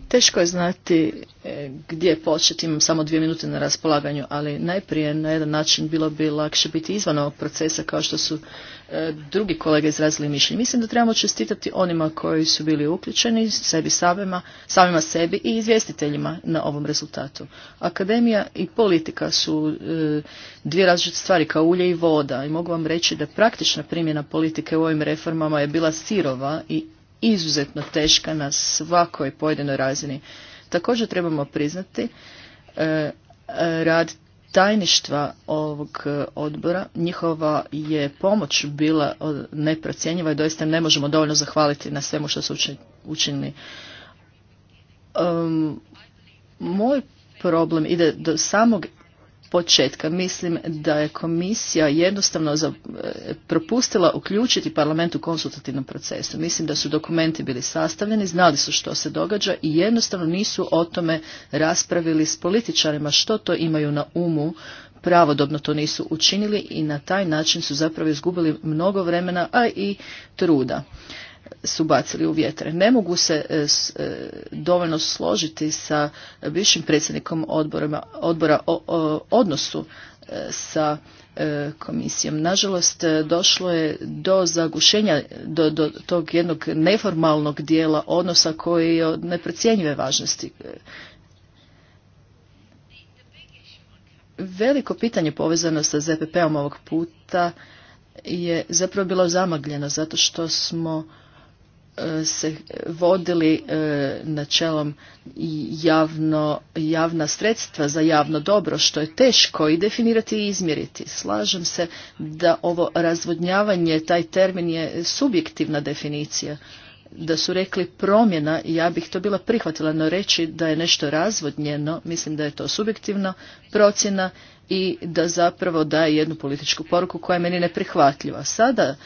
Teško je znati e, gdje početi, imam samo dvije minute na raspolaganju, ali najprije na jedan način bilo bi lakše biti izvan ovog procesa kao što su e, drugi kolege izrazili mišljenje. Mislim da trebamo čestitati onima koji su bili uključeni, sebi samima, samima sebi i izvjestiteljima na ovom rezultatu. Akademija i politika su e, dvije različite stvari kao ulje i voda i mogu vam reći da praktična primjena politike u ovim reformama je bila sirova i izuzetno teška na svakoj pojedinoj razini. Također trebamo priznati e, e, rad tajništva ovog e, odbora, njihova je pomoć bila neprocjenjiva i doista ne možemo dovoljno zahvaliti na svemu što su učinili. moj problem ide do samog početka. Mislim da je komisija jednostavno e, propustila uključiti parlament u konsultativnom procesu. Mislim da su dokumenti bili sastavljeni, znali su što se događa i jednostavno nisu o tome raspravili s političarima što to imaju na umu pravodobno to nisu učinili i na taj način su zapravo izgubili mnogo vremena, a i truda su bacili u vjetre. Ne mogu se e, e, dovoljno složiti sa bivšim predsjednikom odbora o, odnosu e, sa komisijom. Nažalost, došlo je do zagušenja do, tog jednog neformalnog dijela odnosa koji je od neprocjenjive važnosti. Veliko pitanje povezano sa ZPP-om ovog puta je zapravo bilo zamagljeno zato što smo se vodili e, načelom javno, javna sredstva za javno dobro, što je teško i definirati i izmjeriti. Slažem se da ovo razvodnjavanje, taj termin je subjektivna definicija. Da su rekli promjena, ja bih to bila prihvatila, no reći da je nešto razvodnjeno, mislim da je to subjektivna procjena i da zapravo daje jednu političku poruku koja je meni neprihvatljiva. Sada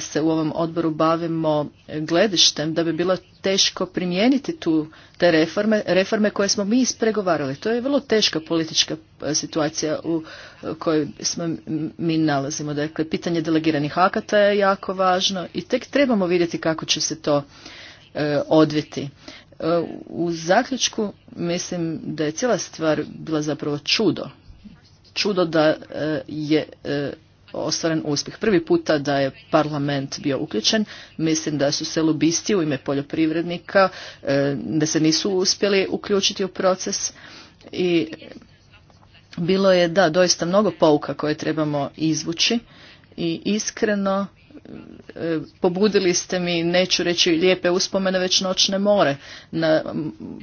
se u ovom odboru bavimo gledištem da bi bilo teško primijeniti tu te reforme, reforme koje smo mi ispregovarali. To je vrlo teška politička e, situacija u e, kojoj smo mi nalazimo. Dakle, pitanje delegiranih akata je jako važno i tek trebamo vidjeti kako će se to e, odviti. u zaključku mislim da je cijela stvar bila zapravo čudo. Čudo da je ostvaren uspjeh. Prvi puta da je parlament bio uključen, mislim da su se lobisti u ime poljoprivrednika, e, da se nisu uspjeli uključiti u proces i bilo je da doista mnogo pouka koje trebamo izvući i iskreno e, pobudili ste mi, neću reći lijepe uspomene, već noćne more na,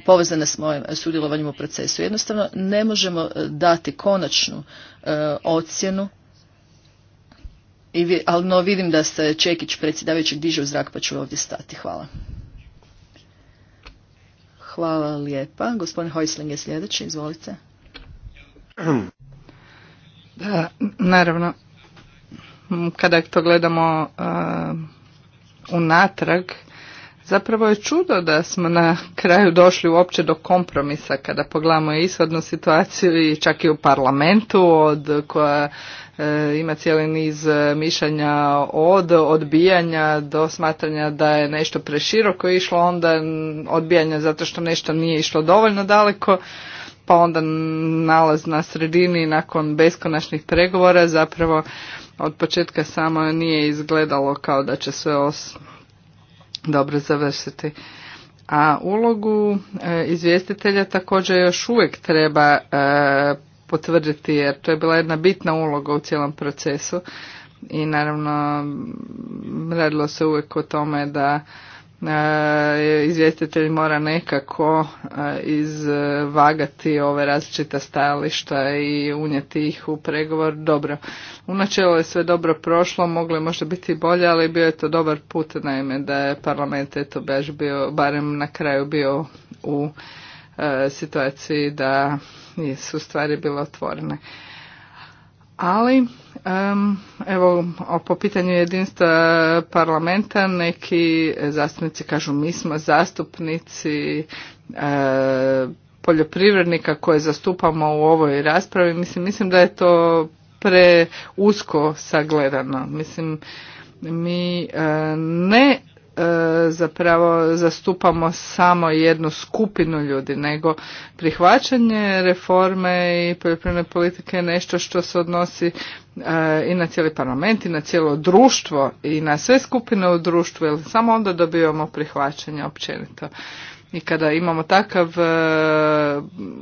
povezane s mojim sudjelovanjem u procesu. Jednostavno ne možemo dati konačnu e, ocjenu ali no vidim da se Čekić predsjedavajući diže u zrak pa ću ovdje stati. Hvala. Hvala lijepa. Gospodin Hojsling je sljedeći, izvolite. Da, naravno, kada to gledamo uh, unatrag, zapravo je čudo da smo na kraju došli uopće do kompromisa kada pogledamo ishodnu situaciju i čak i u parlamentu od koja E, ima cijeli niz e, mišljenja od odbijanja do smatranja da je nešto preširoko išlo, onda odbijanja zato što nešto nije išlo dovoljno daleko, pa onda nalaz na sredini nakon beskonačnih pregovora zapravo od početka samo nije izgledalo kao da će sve os dobro završiti. A ulogu e, izvjestitelja također još uvijek treba potvrditi jer to je bila jedna bitna uloga u cijelom procesu i naravno radilo se uvijek o tome da e, izvjestitelj mora nekako e, izvagati ove različita stajališta i unijeti ih u pregovor dobro. U načelu je sve dobro prošlo, moglo je možda biti bolje, ali bio je to dobar put, naime da je parlament eto baš bio, barem na kraju bio u e, situaciji da su stvari bile otvorene. Ali, evo, po pitanju jedinstva parlamenta neki zastupnici kažu mi smo zastupnici e, poljoprivrednika koje zastupamo u ovoj raspravi. Mislim, mislim da je to preusko sagledano. Mislim, mi e, ne E, zapravo zastupamo samo jednu skupinu ljudi, nego prihvaćanje reforme i poljoprivredne politike je nešto što se odnosi e, i na cijeli parlament i na cijelo društvo i na sve skupine u društvu, jer samo onda dobivamo prihvaćanje općenito. I kada imamo takav e,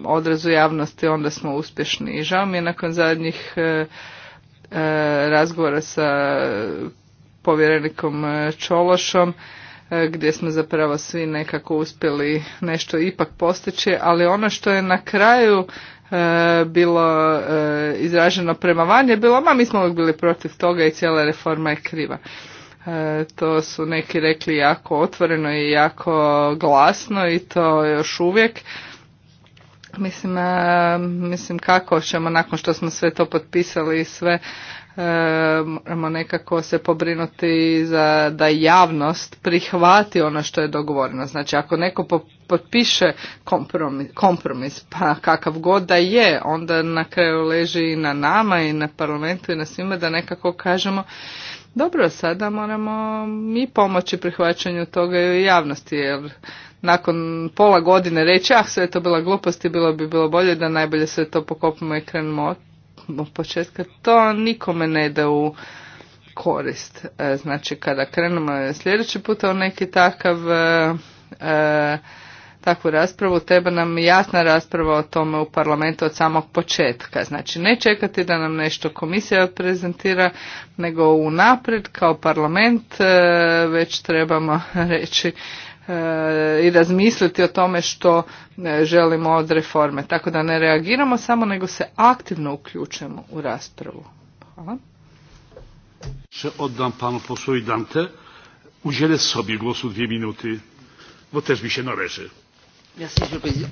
odraz javnosti, onda smo uspješni. I žao mi je nakon zadnjih razgovora sa povjerenikom e, Čološom e, gdje smo zapravo svi nekako uspjeli nešto ipak postići, ali ono što je na kraju e, bilo izraženo prema van je bilo, ma mi smo uvijek bili protiv toga i cijela reforma je kriva. to su neki rekli jako otvoreno i jako glasno i to još uvijek. Mislim, mislim kako ćemo nakon što smo sve to potpisali i sve E, moramo nekako se pobrinuti za da javnost prihvati ono što je dogovoreno. Znači ako neko potpiše kompromis, kompromis, pa kakav god da je, onda na kraju leži i na nama i na parlamentu i na svima da nekako kažemo dobro, sada moramo mi pomoći prihvaćanju toga i javnosti, jer nakon pola godine reći, ah, sve je to bila i bilo bi bilo bolje da najbolje sve to pokopimo i krenemo od početka, to nikome ne da u korist. E, znači kada krenemo sljedeći puta u neki takav e, e, takvu raspravu, treba nam jasna rasprava o tome u parlamentu od samog početka. Znači ne čekati da nam nešto komisija prezentira, nego unaprijed kao parlament već trebamo reći E, i razmisliti o tome što e, želimo od reforme. Tako da ne reagiramo samo, nego se aktivno uključujemo u raspravu. Hvala. Še oddam panu i Dante. Udzielę sobie głosu dvije minuty, bo też mi się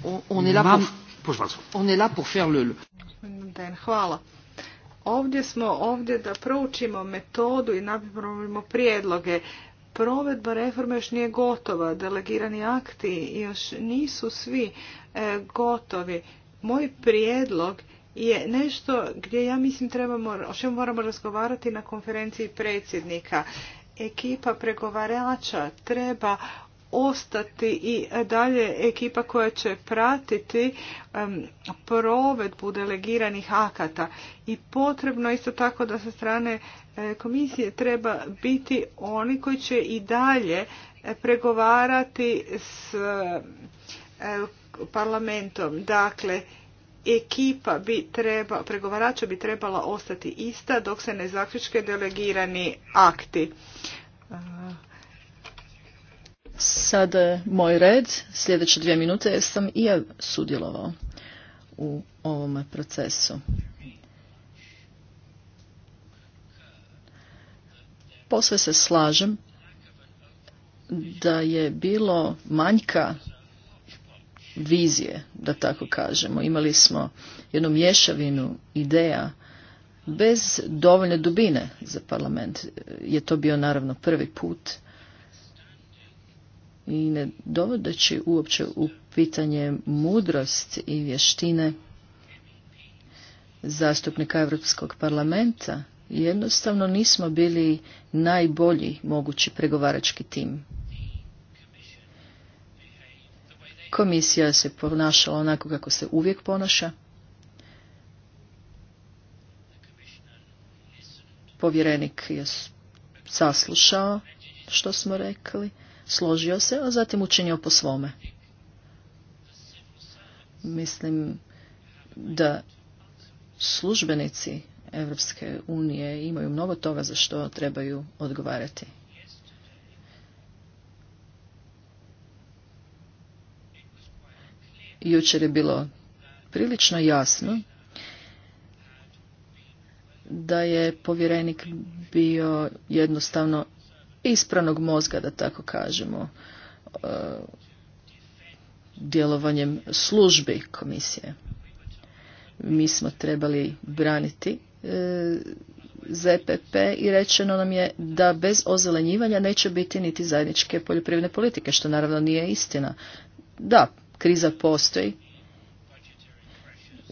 On, on, est on Hvala. Ovdje smo ovdje da proučimo metodu i napravimo prijedloge provedba reforme još nije gotova, delegirani akti još nisu svi e, gotovi. Moj prijedlog je nešto gdje ja mislim trebamo, o čemu moramo razgovarati na konferenciji predsjednika. Ekipa pregovarača treba ostati i dalje ekipa koja će pratiti provedbu delegiranih akata i potrebno isto tako da sa strane e, komisije treba biti oni koji će i dalje e, pregovarati s e, parlamentom. Dakle, ekipa bi treba, pregovarača bi trebala ostati ista dok se ne zaključke delegirani akti. Sada je moj red, sljedeće dvije minute, jer sam i ja sudjelovao u ovom procesu. Posve se slažem da je bilo manjka vizije, da tako kažemo. Imali smo jednu mješavinu ideja bez dovoljne dubine za parlament. Je to bio naravno prvi put i ne dovodeći uopće u pitanje mudrost i vještine zastupnika Europskog parlamenta, jednostavno nismo bili najbolji mogući pregovarački tim. Komisija se ponašala onako kako se uvijek ponaša. Povjerenik je saslušao što smo rekli složio se, a zatim učinio po svome. Mislim da službenici Evropske unije imaju mnogo toga za što trebaju odgovarati. Jučer je bilo prilično jasno da je povjerenik bio jednostavno ispranog mozga, da tako kažemo, e, djelovanjem službi komisije. Mi smo trebali braniti e, ZPP i rečeno nam je da bez ozelenjivanja neće biti niti zajedničke poljoprivredne politike, što naravno nije istina. Da, kriza postoji,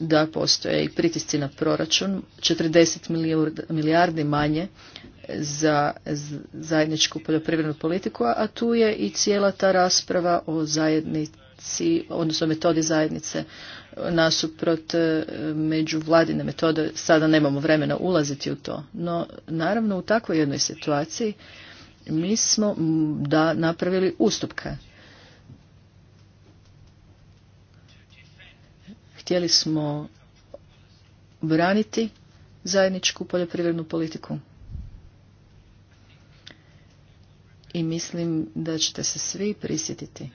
da postoje i pritisci na proračun, 40 milijardi manje za zajedničku poljoprivrednu politiku, a tu je i cijela ta rasprava o zajednici, odnosno metodi zajednice nasuprot e, međuvladine metode. Sada nemamo vremena ulaziti u to, no naravno u takvoj jednoj situaciji mi smo da napravili ustupke. Htjeli smo braniti zajedničku poljoprivrednu politiku. i mislim da ćete se svi prisjetiti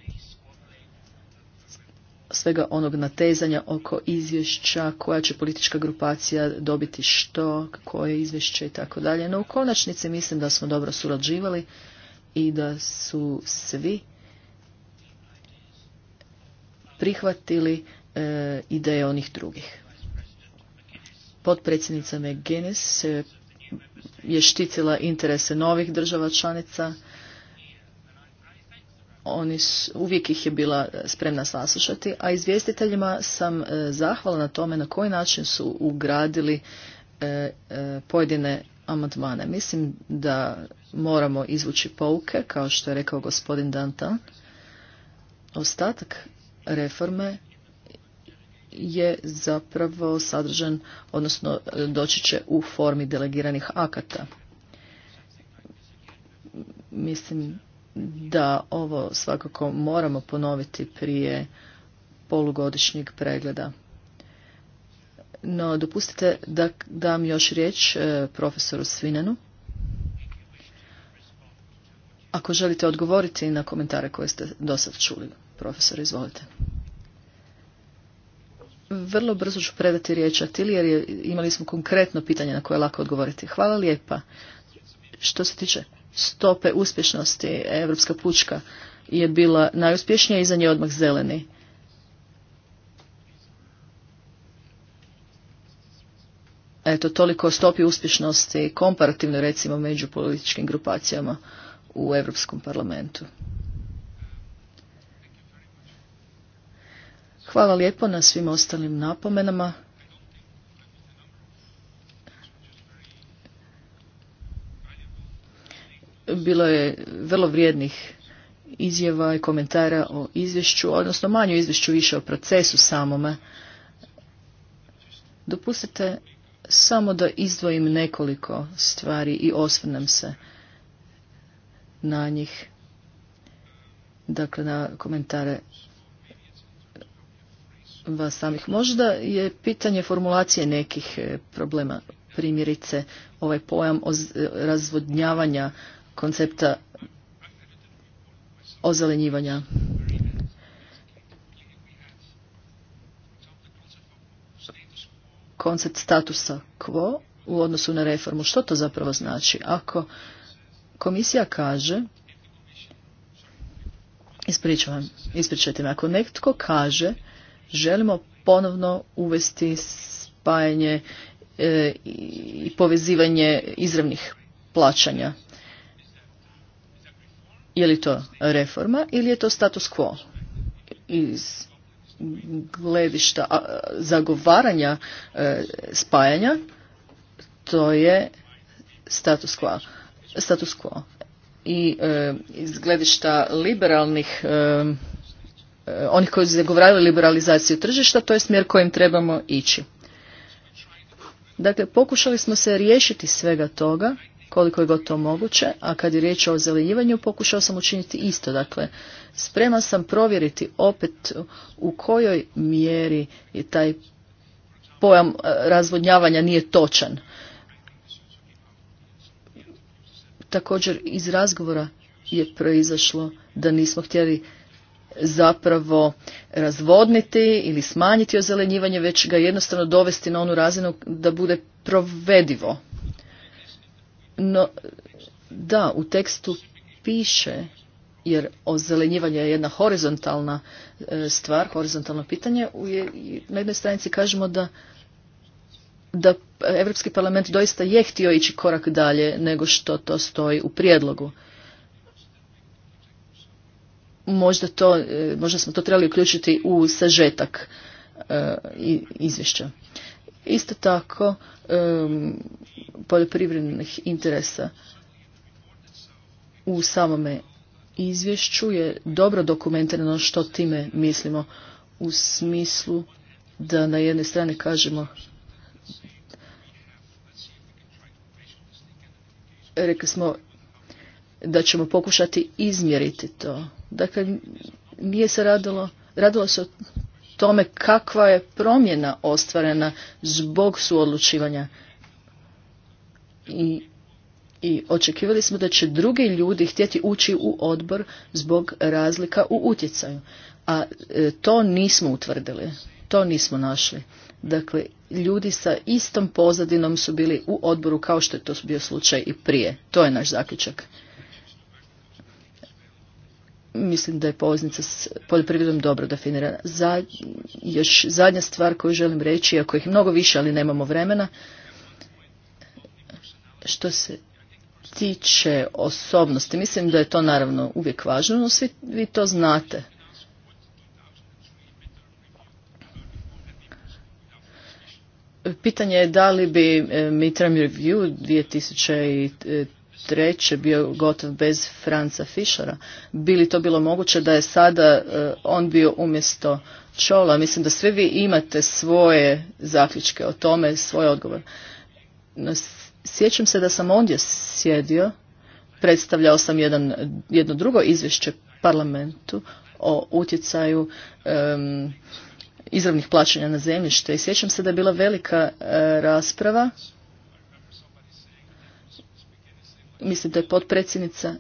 svega onog natezanja oko izvješća, koja će politička grupacija dobiti što, koje izvješće i tako dalje. No u konačnici mislim da smo dobro surađivali i da su svi prihvatili e, ideje onih drugih. Potpredsjednica McGuinness e, je šticila interese novih država članica oni su, uvijek ih je bila e, spremna saslušati, a izvjestiteljima sam e, zahvala na tome na koji način su ugradili e, pojedine amandmane. Mislim da moramo izvući pouke, kao što je rekao gospodin Dantan. Ostatak reforme je zapravo sadržan, odnosno doći će u formi delegiranih akata. Mislim da ovo svakako moramo ponoviti prije polugodišnjeg pregleda. No, dopustite da dam još riječ e, profesoru Svinenu. Ako želite odgovoriti na komentare koje ste do sad čuli, profesor, izvolite. Vrlo brzo ću predati riječ Atili jer imali smo konkretno pitanje na koje lako odgovoriti. Hvala lijepa. Što se tiče stope uspješnosti Europska pučka je bila najuspješnija i za nje odmah zeleni. Eto, toliko stopi uspješnosti komparativno recimo među političkim grupacijama u Europskom parlamentu. Hvala lijepo na svim ostalim napomenama. bilo je vrlo vrijednih izjava i komentara o izvješću, odnosno manju izvješću više o procesu samome. Dopustite samo da izdvojim nekoliko stvari i osvrnem se na njih, dakle na komentare vas samih. Možda je pitanje formulacije nekih eh, problema, primjerice ovaj pojam eh, razvodnjavanja koncepta ozelenjivanja. Koncept statusa quo u odnosu na reformu. Što to zapravo znači? Ako komisija kaže, ispričavam, ispričajte me, ako netko kaže želimo ponovno uvesti spajanje e, i povezivanje izravnih plaćanja je li to reforma ili je to status quo? Iz gledišta zagovaranja e, spajanja, to je status quo. Status quo. I e, iz gledišta liberalnih, e, onih koji zagovaraju liberalizaciju tržišta, to je smjer kojim trebamo ići. Dakle, pokušali smo se riješiti svega toga koliko je gotovo moguće, a kad je riječ o zelenjivanju pokušao sam učiniti isto. Dakle, spreman sam provjeriti opet u kojoj mjeri je taj pojam e, razvodnjavanja nije točan. Također iz razgovora je proizašlo da nismo htjeli zapravo razvodniti ili smanjiti ozelenjivanje, već ga jednostavno dovesti na onu razinu da bude provedivo. No, da, u tekstu piše, jer ozelenjivanje je jedna horizontalna e, stvar, horizontalno pitanje, na jednoj stranici kažemo da da Europski parlament doista je htio ići korak dalje nego što to stoji u prijedlogu. Možda, to, e, smo to trebali uključiti u sažetak e, izvješća isto tako um, poljoprivrednih interesa u samome izvješću je dobro dokumentirano što time mislimo u smislu da na jedne strane kažemo rekli smo da ćemo pokušati izmjeriti to. Dakle, nije se radilo, radilo se o tome kakva je promjena ostvarena zbog suodlučivanja. I, I očekivali smo da će drugi ljudi htjeti ući u odbor zbog razlika u utjecaju. A e, to nismo utvrdili, to nismo našli. Dakle, ljudi sa istom pozadinom su bili u odboru kao što je to bio slučaj i prije. To je naš zaključak mislim da je poveznica s poljoprivredom dobro definirana. Za, još zadnja stvar koju želim reći, ako ih mnogo više, ali nemamo vremena, što se tiče osobnosti, mislim da je to naravno uvijek važno, no svi vi to znate. Pitanje je da li bi eh, midterm review eh, treće bio gotov bez Franca Fischera. Bili to bilo moguće da je sada e, on bio umjesto Čola? Mislim da svi vi imate svoje zaključke o tome, svoj odgovor. sjećam se da sam ondje sjedio, predstavljao sam jedan, jedno drugo izvješće parlamentu o utjecaju izravnih plaćanja na zemljište i sjećam se da je bila velika e, rasprava mislim da je potpredsjednica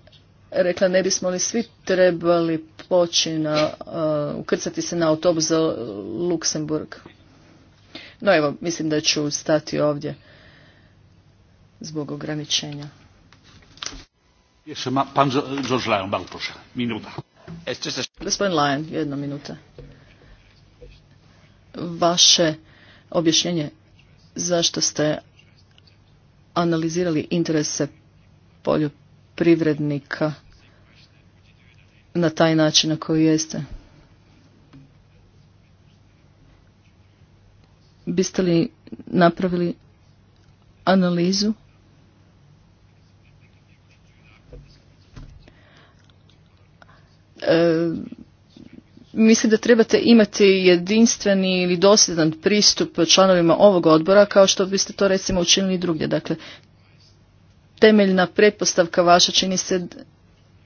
rekla ne bismo li svi trebali poći na, uh, ukrcati se na autobus za Luksemburg. No evo, mislim da ću stati ovdje zbog ograničenja. Gospodin jedna minuta. Vaše objašnjenje zašto ste analizirali interese poljoprivrednika na taj način na koji jeste. Biste li napravili analizu? E, mislim da trebate imati jedinstveni ili dosljedan pristup članovima ovog odbora kao što biste to recimo učinili drugdje. Dakle, temeljna pretpostavka vaša čini se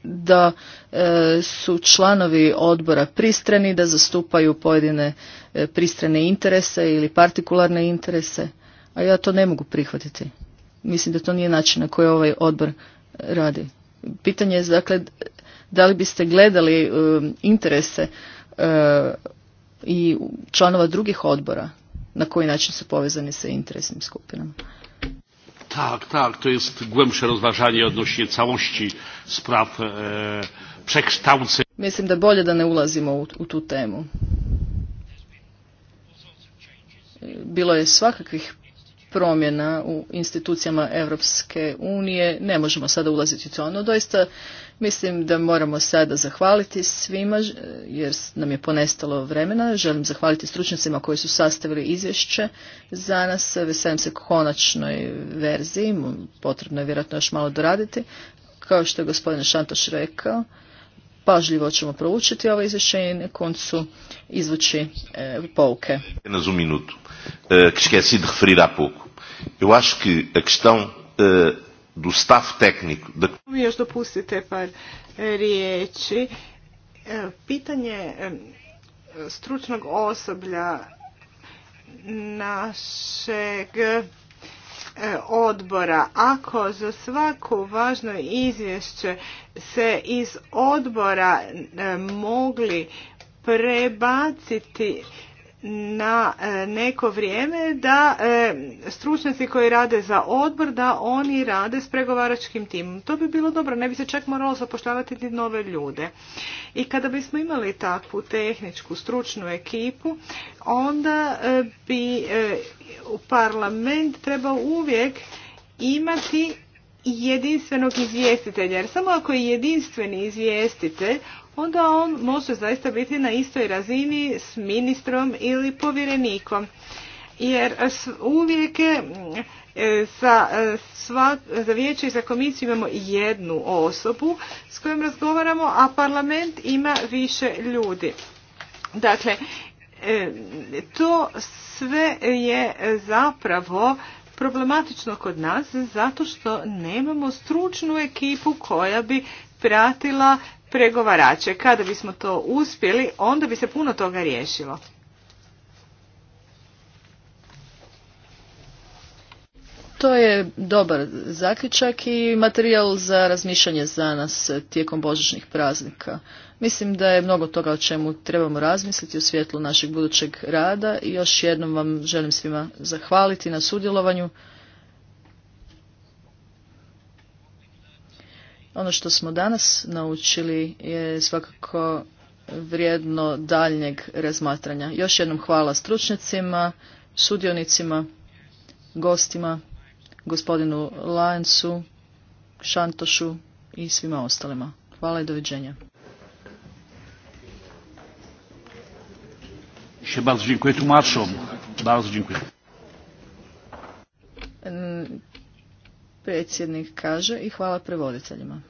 da e, su članovi odbora pristrani, da zastupaju pojedine e, pristrane interese ili partikularne interese, a ja to ne mogu prihvatiti. Mislim da to nije način na koji ovaj odbor radi. Pitanje je dakle da li biste gledali e, interese e, i članova drugih odbora na koji način su povezani sa interesnim skupinama. Tak, tak, to jest głębsze rozważanie odnośnie całości spraw e, przekształceń. Mislim da bolje da ne ulazimo u, u tu temu. Bilo je svakakvih promjena u institucijama Europske unije, ne možemo sada ulaziti u to, no doista Mislim da moramo sada zahvaliti svima jer nam je ponestalo vremena. Želim zahvaliti stručnicima koji su sastavili izvješće za nas. Veselim se konačnoj verziji, potrebno je vjerojatno još malo doraditi. Kao što je gospodin Šantoš rekao, pažljivo ćemo proučiti ovo izvješće i na koncu izvući e, pouke. Um minuto, eh, que esqueci de Eu acho que a questão eh, do staff técnico. Da... Još dopustite par e, riječi. E, pitanje e, stručnog osoblja našeg odbora. Ako za svako važno izvješće se iz odbora mogli prebaciti na e, neko vrijeme da e, stručnjaci koji rade za odbor da oni rade s pregovaračkim timom. To bi bilo dobro, ne bi se čak moralo zapošljavati ni nove ljude. I kada bismo imali takvu tehničku stručnu ekipu, onda e, bi u parlament trebao uvijek imati jedinstvenog izvjestitelja. Jer samo ako je jedinstveni izvjestitelj, onda on može zaista biti na istoj razini s ministrom ili povjerenikom. Jer uvijek e, za, e, sva, za vijeće i za komisiju imamo jednu osobu s kojom razgovaramo, a parlament ima više ljudi. Dakle, e, to sve je zapravo problematično kod nas zato što nemamo stručnu ekipu koja bi pratila pregovarače. Kada bismo to uspjeli, onda bi se puno toga riješilo. To je dobar zaključak i materijal za razmišljanje za nas tijekom Božičnih praznika. Mislim da je mnogo toga o čemu trebamo razmisliti u svjetlu našeg budućeg rada i još jednom vam želim svima zahvaliti na sudjelovanju. Ono što smo danas naučili je svakako vrijedno daljnjeg razmatranja. Još jednom hvala stručnjacima, sudionicima, gostima, gospodinu lancu Šantošu i svima ostalima. Hvala i doviđenja. dziękuję Bardzo dziękuję. Mm, predsjednik kaže i hvala prevoditeljima.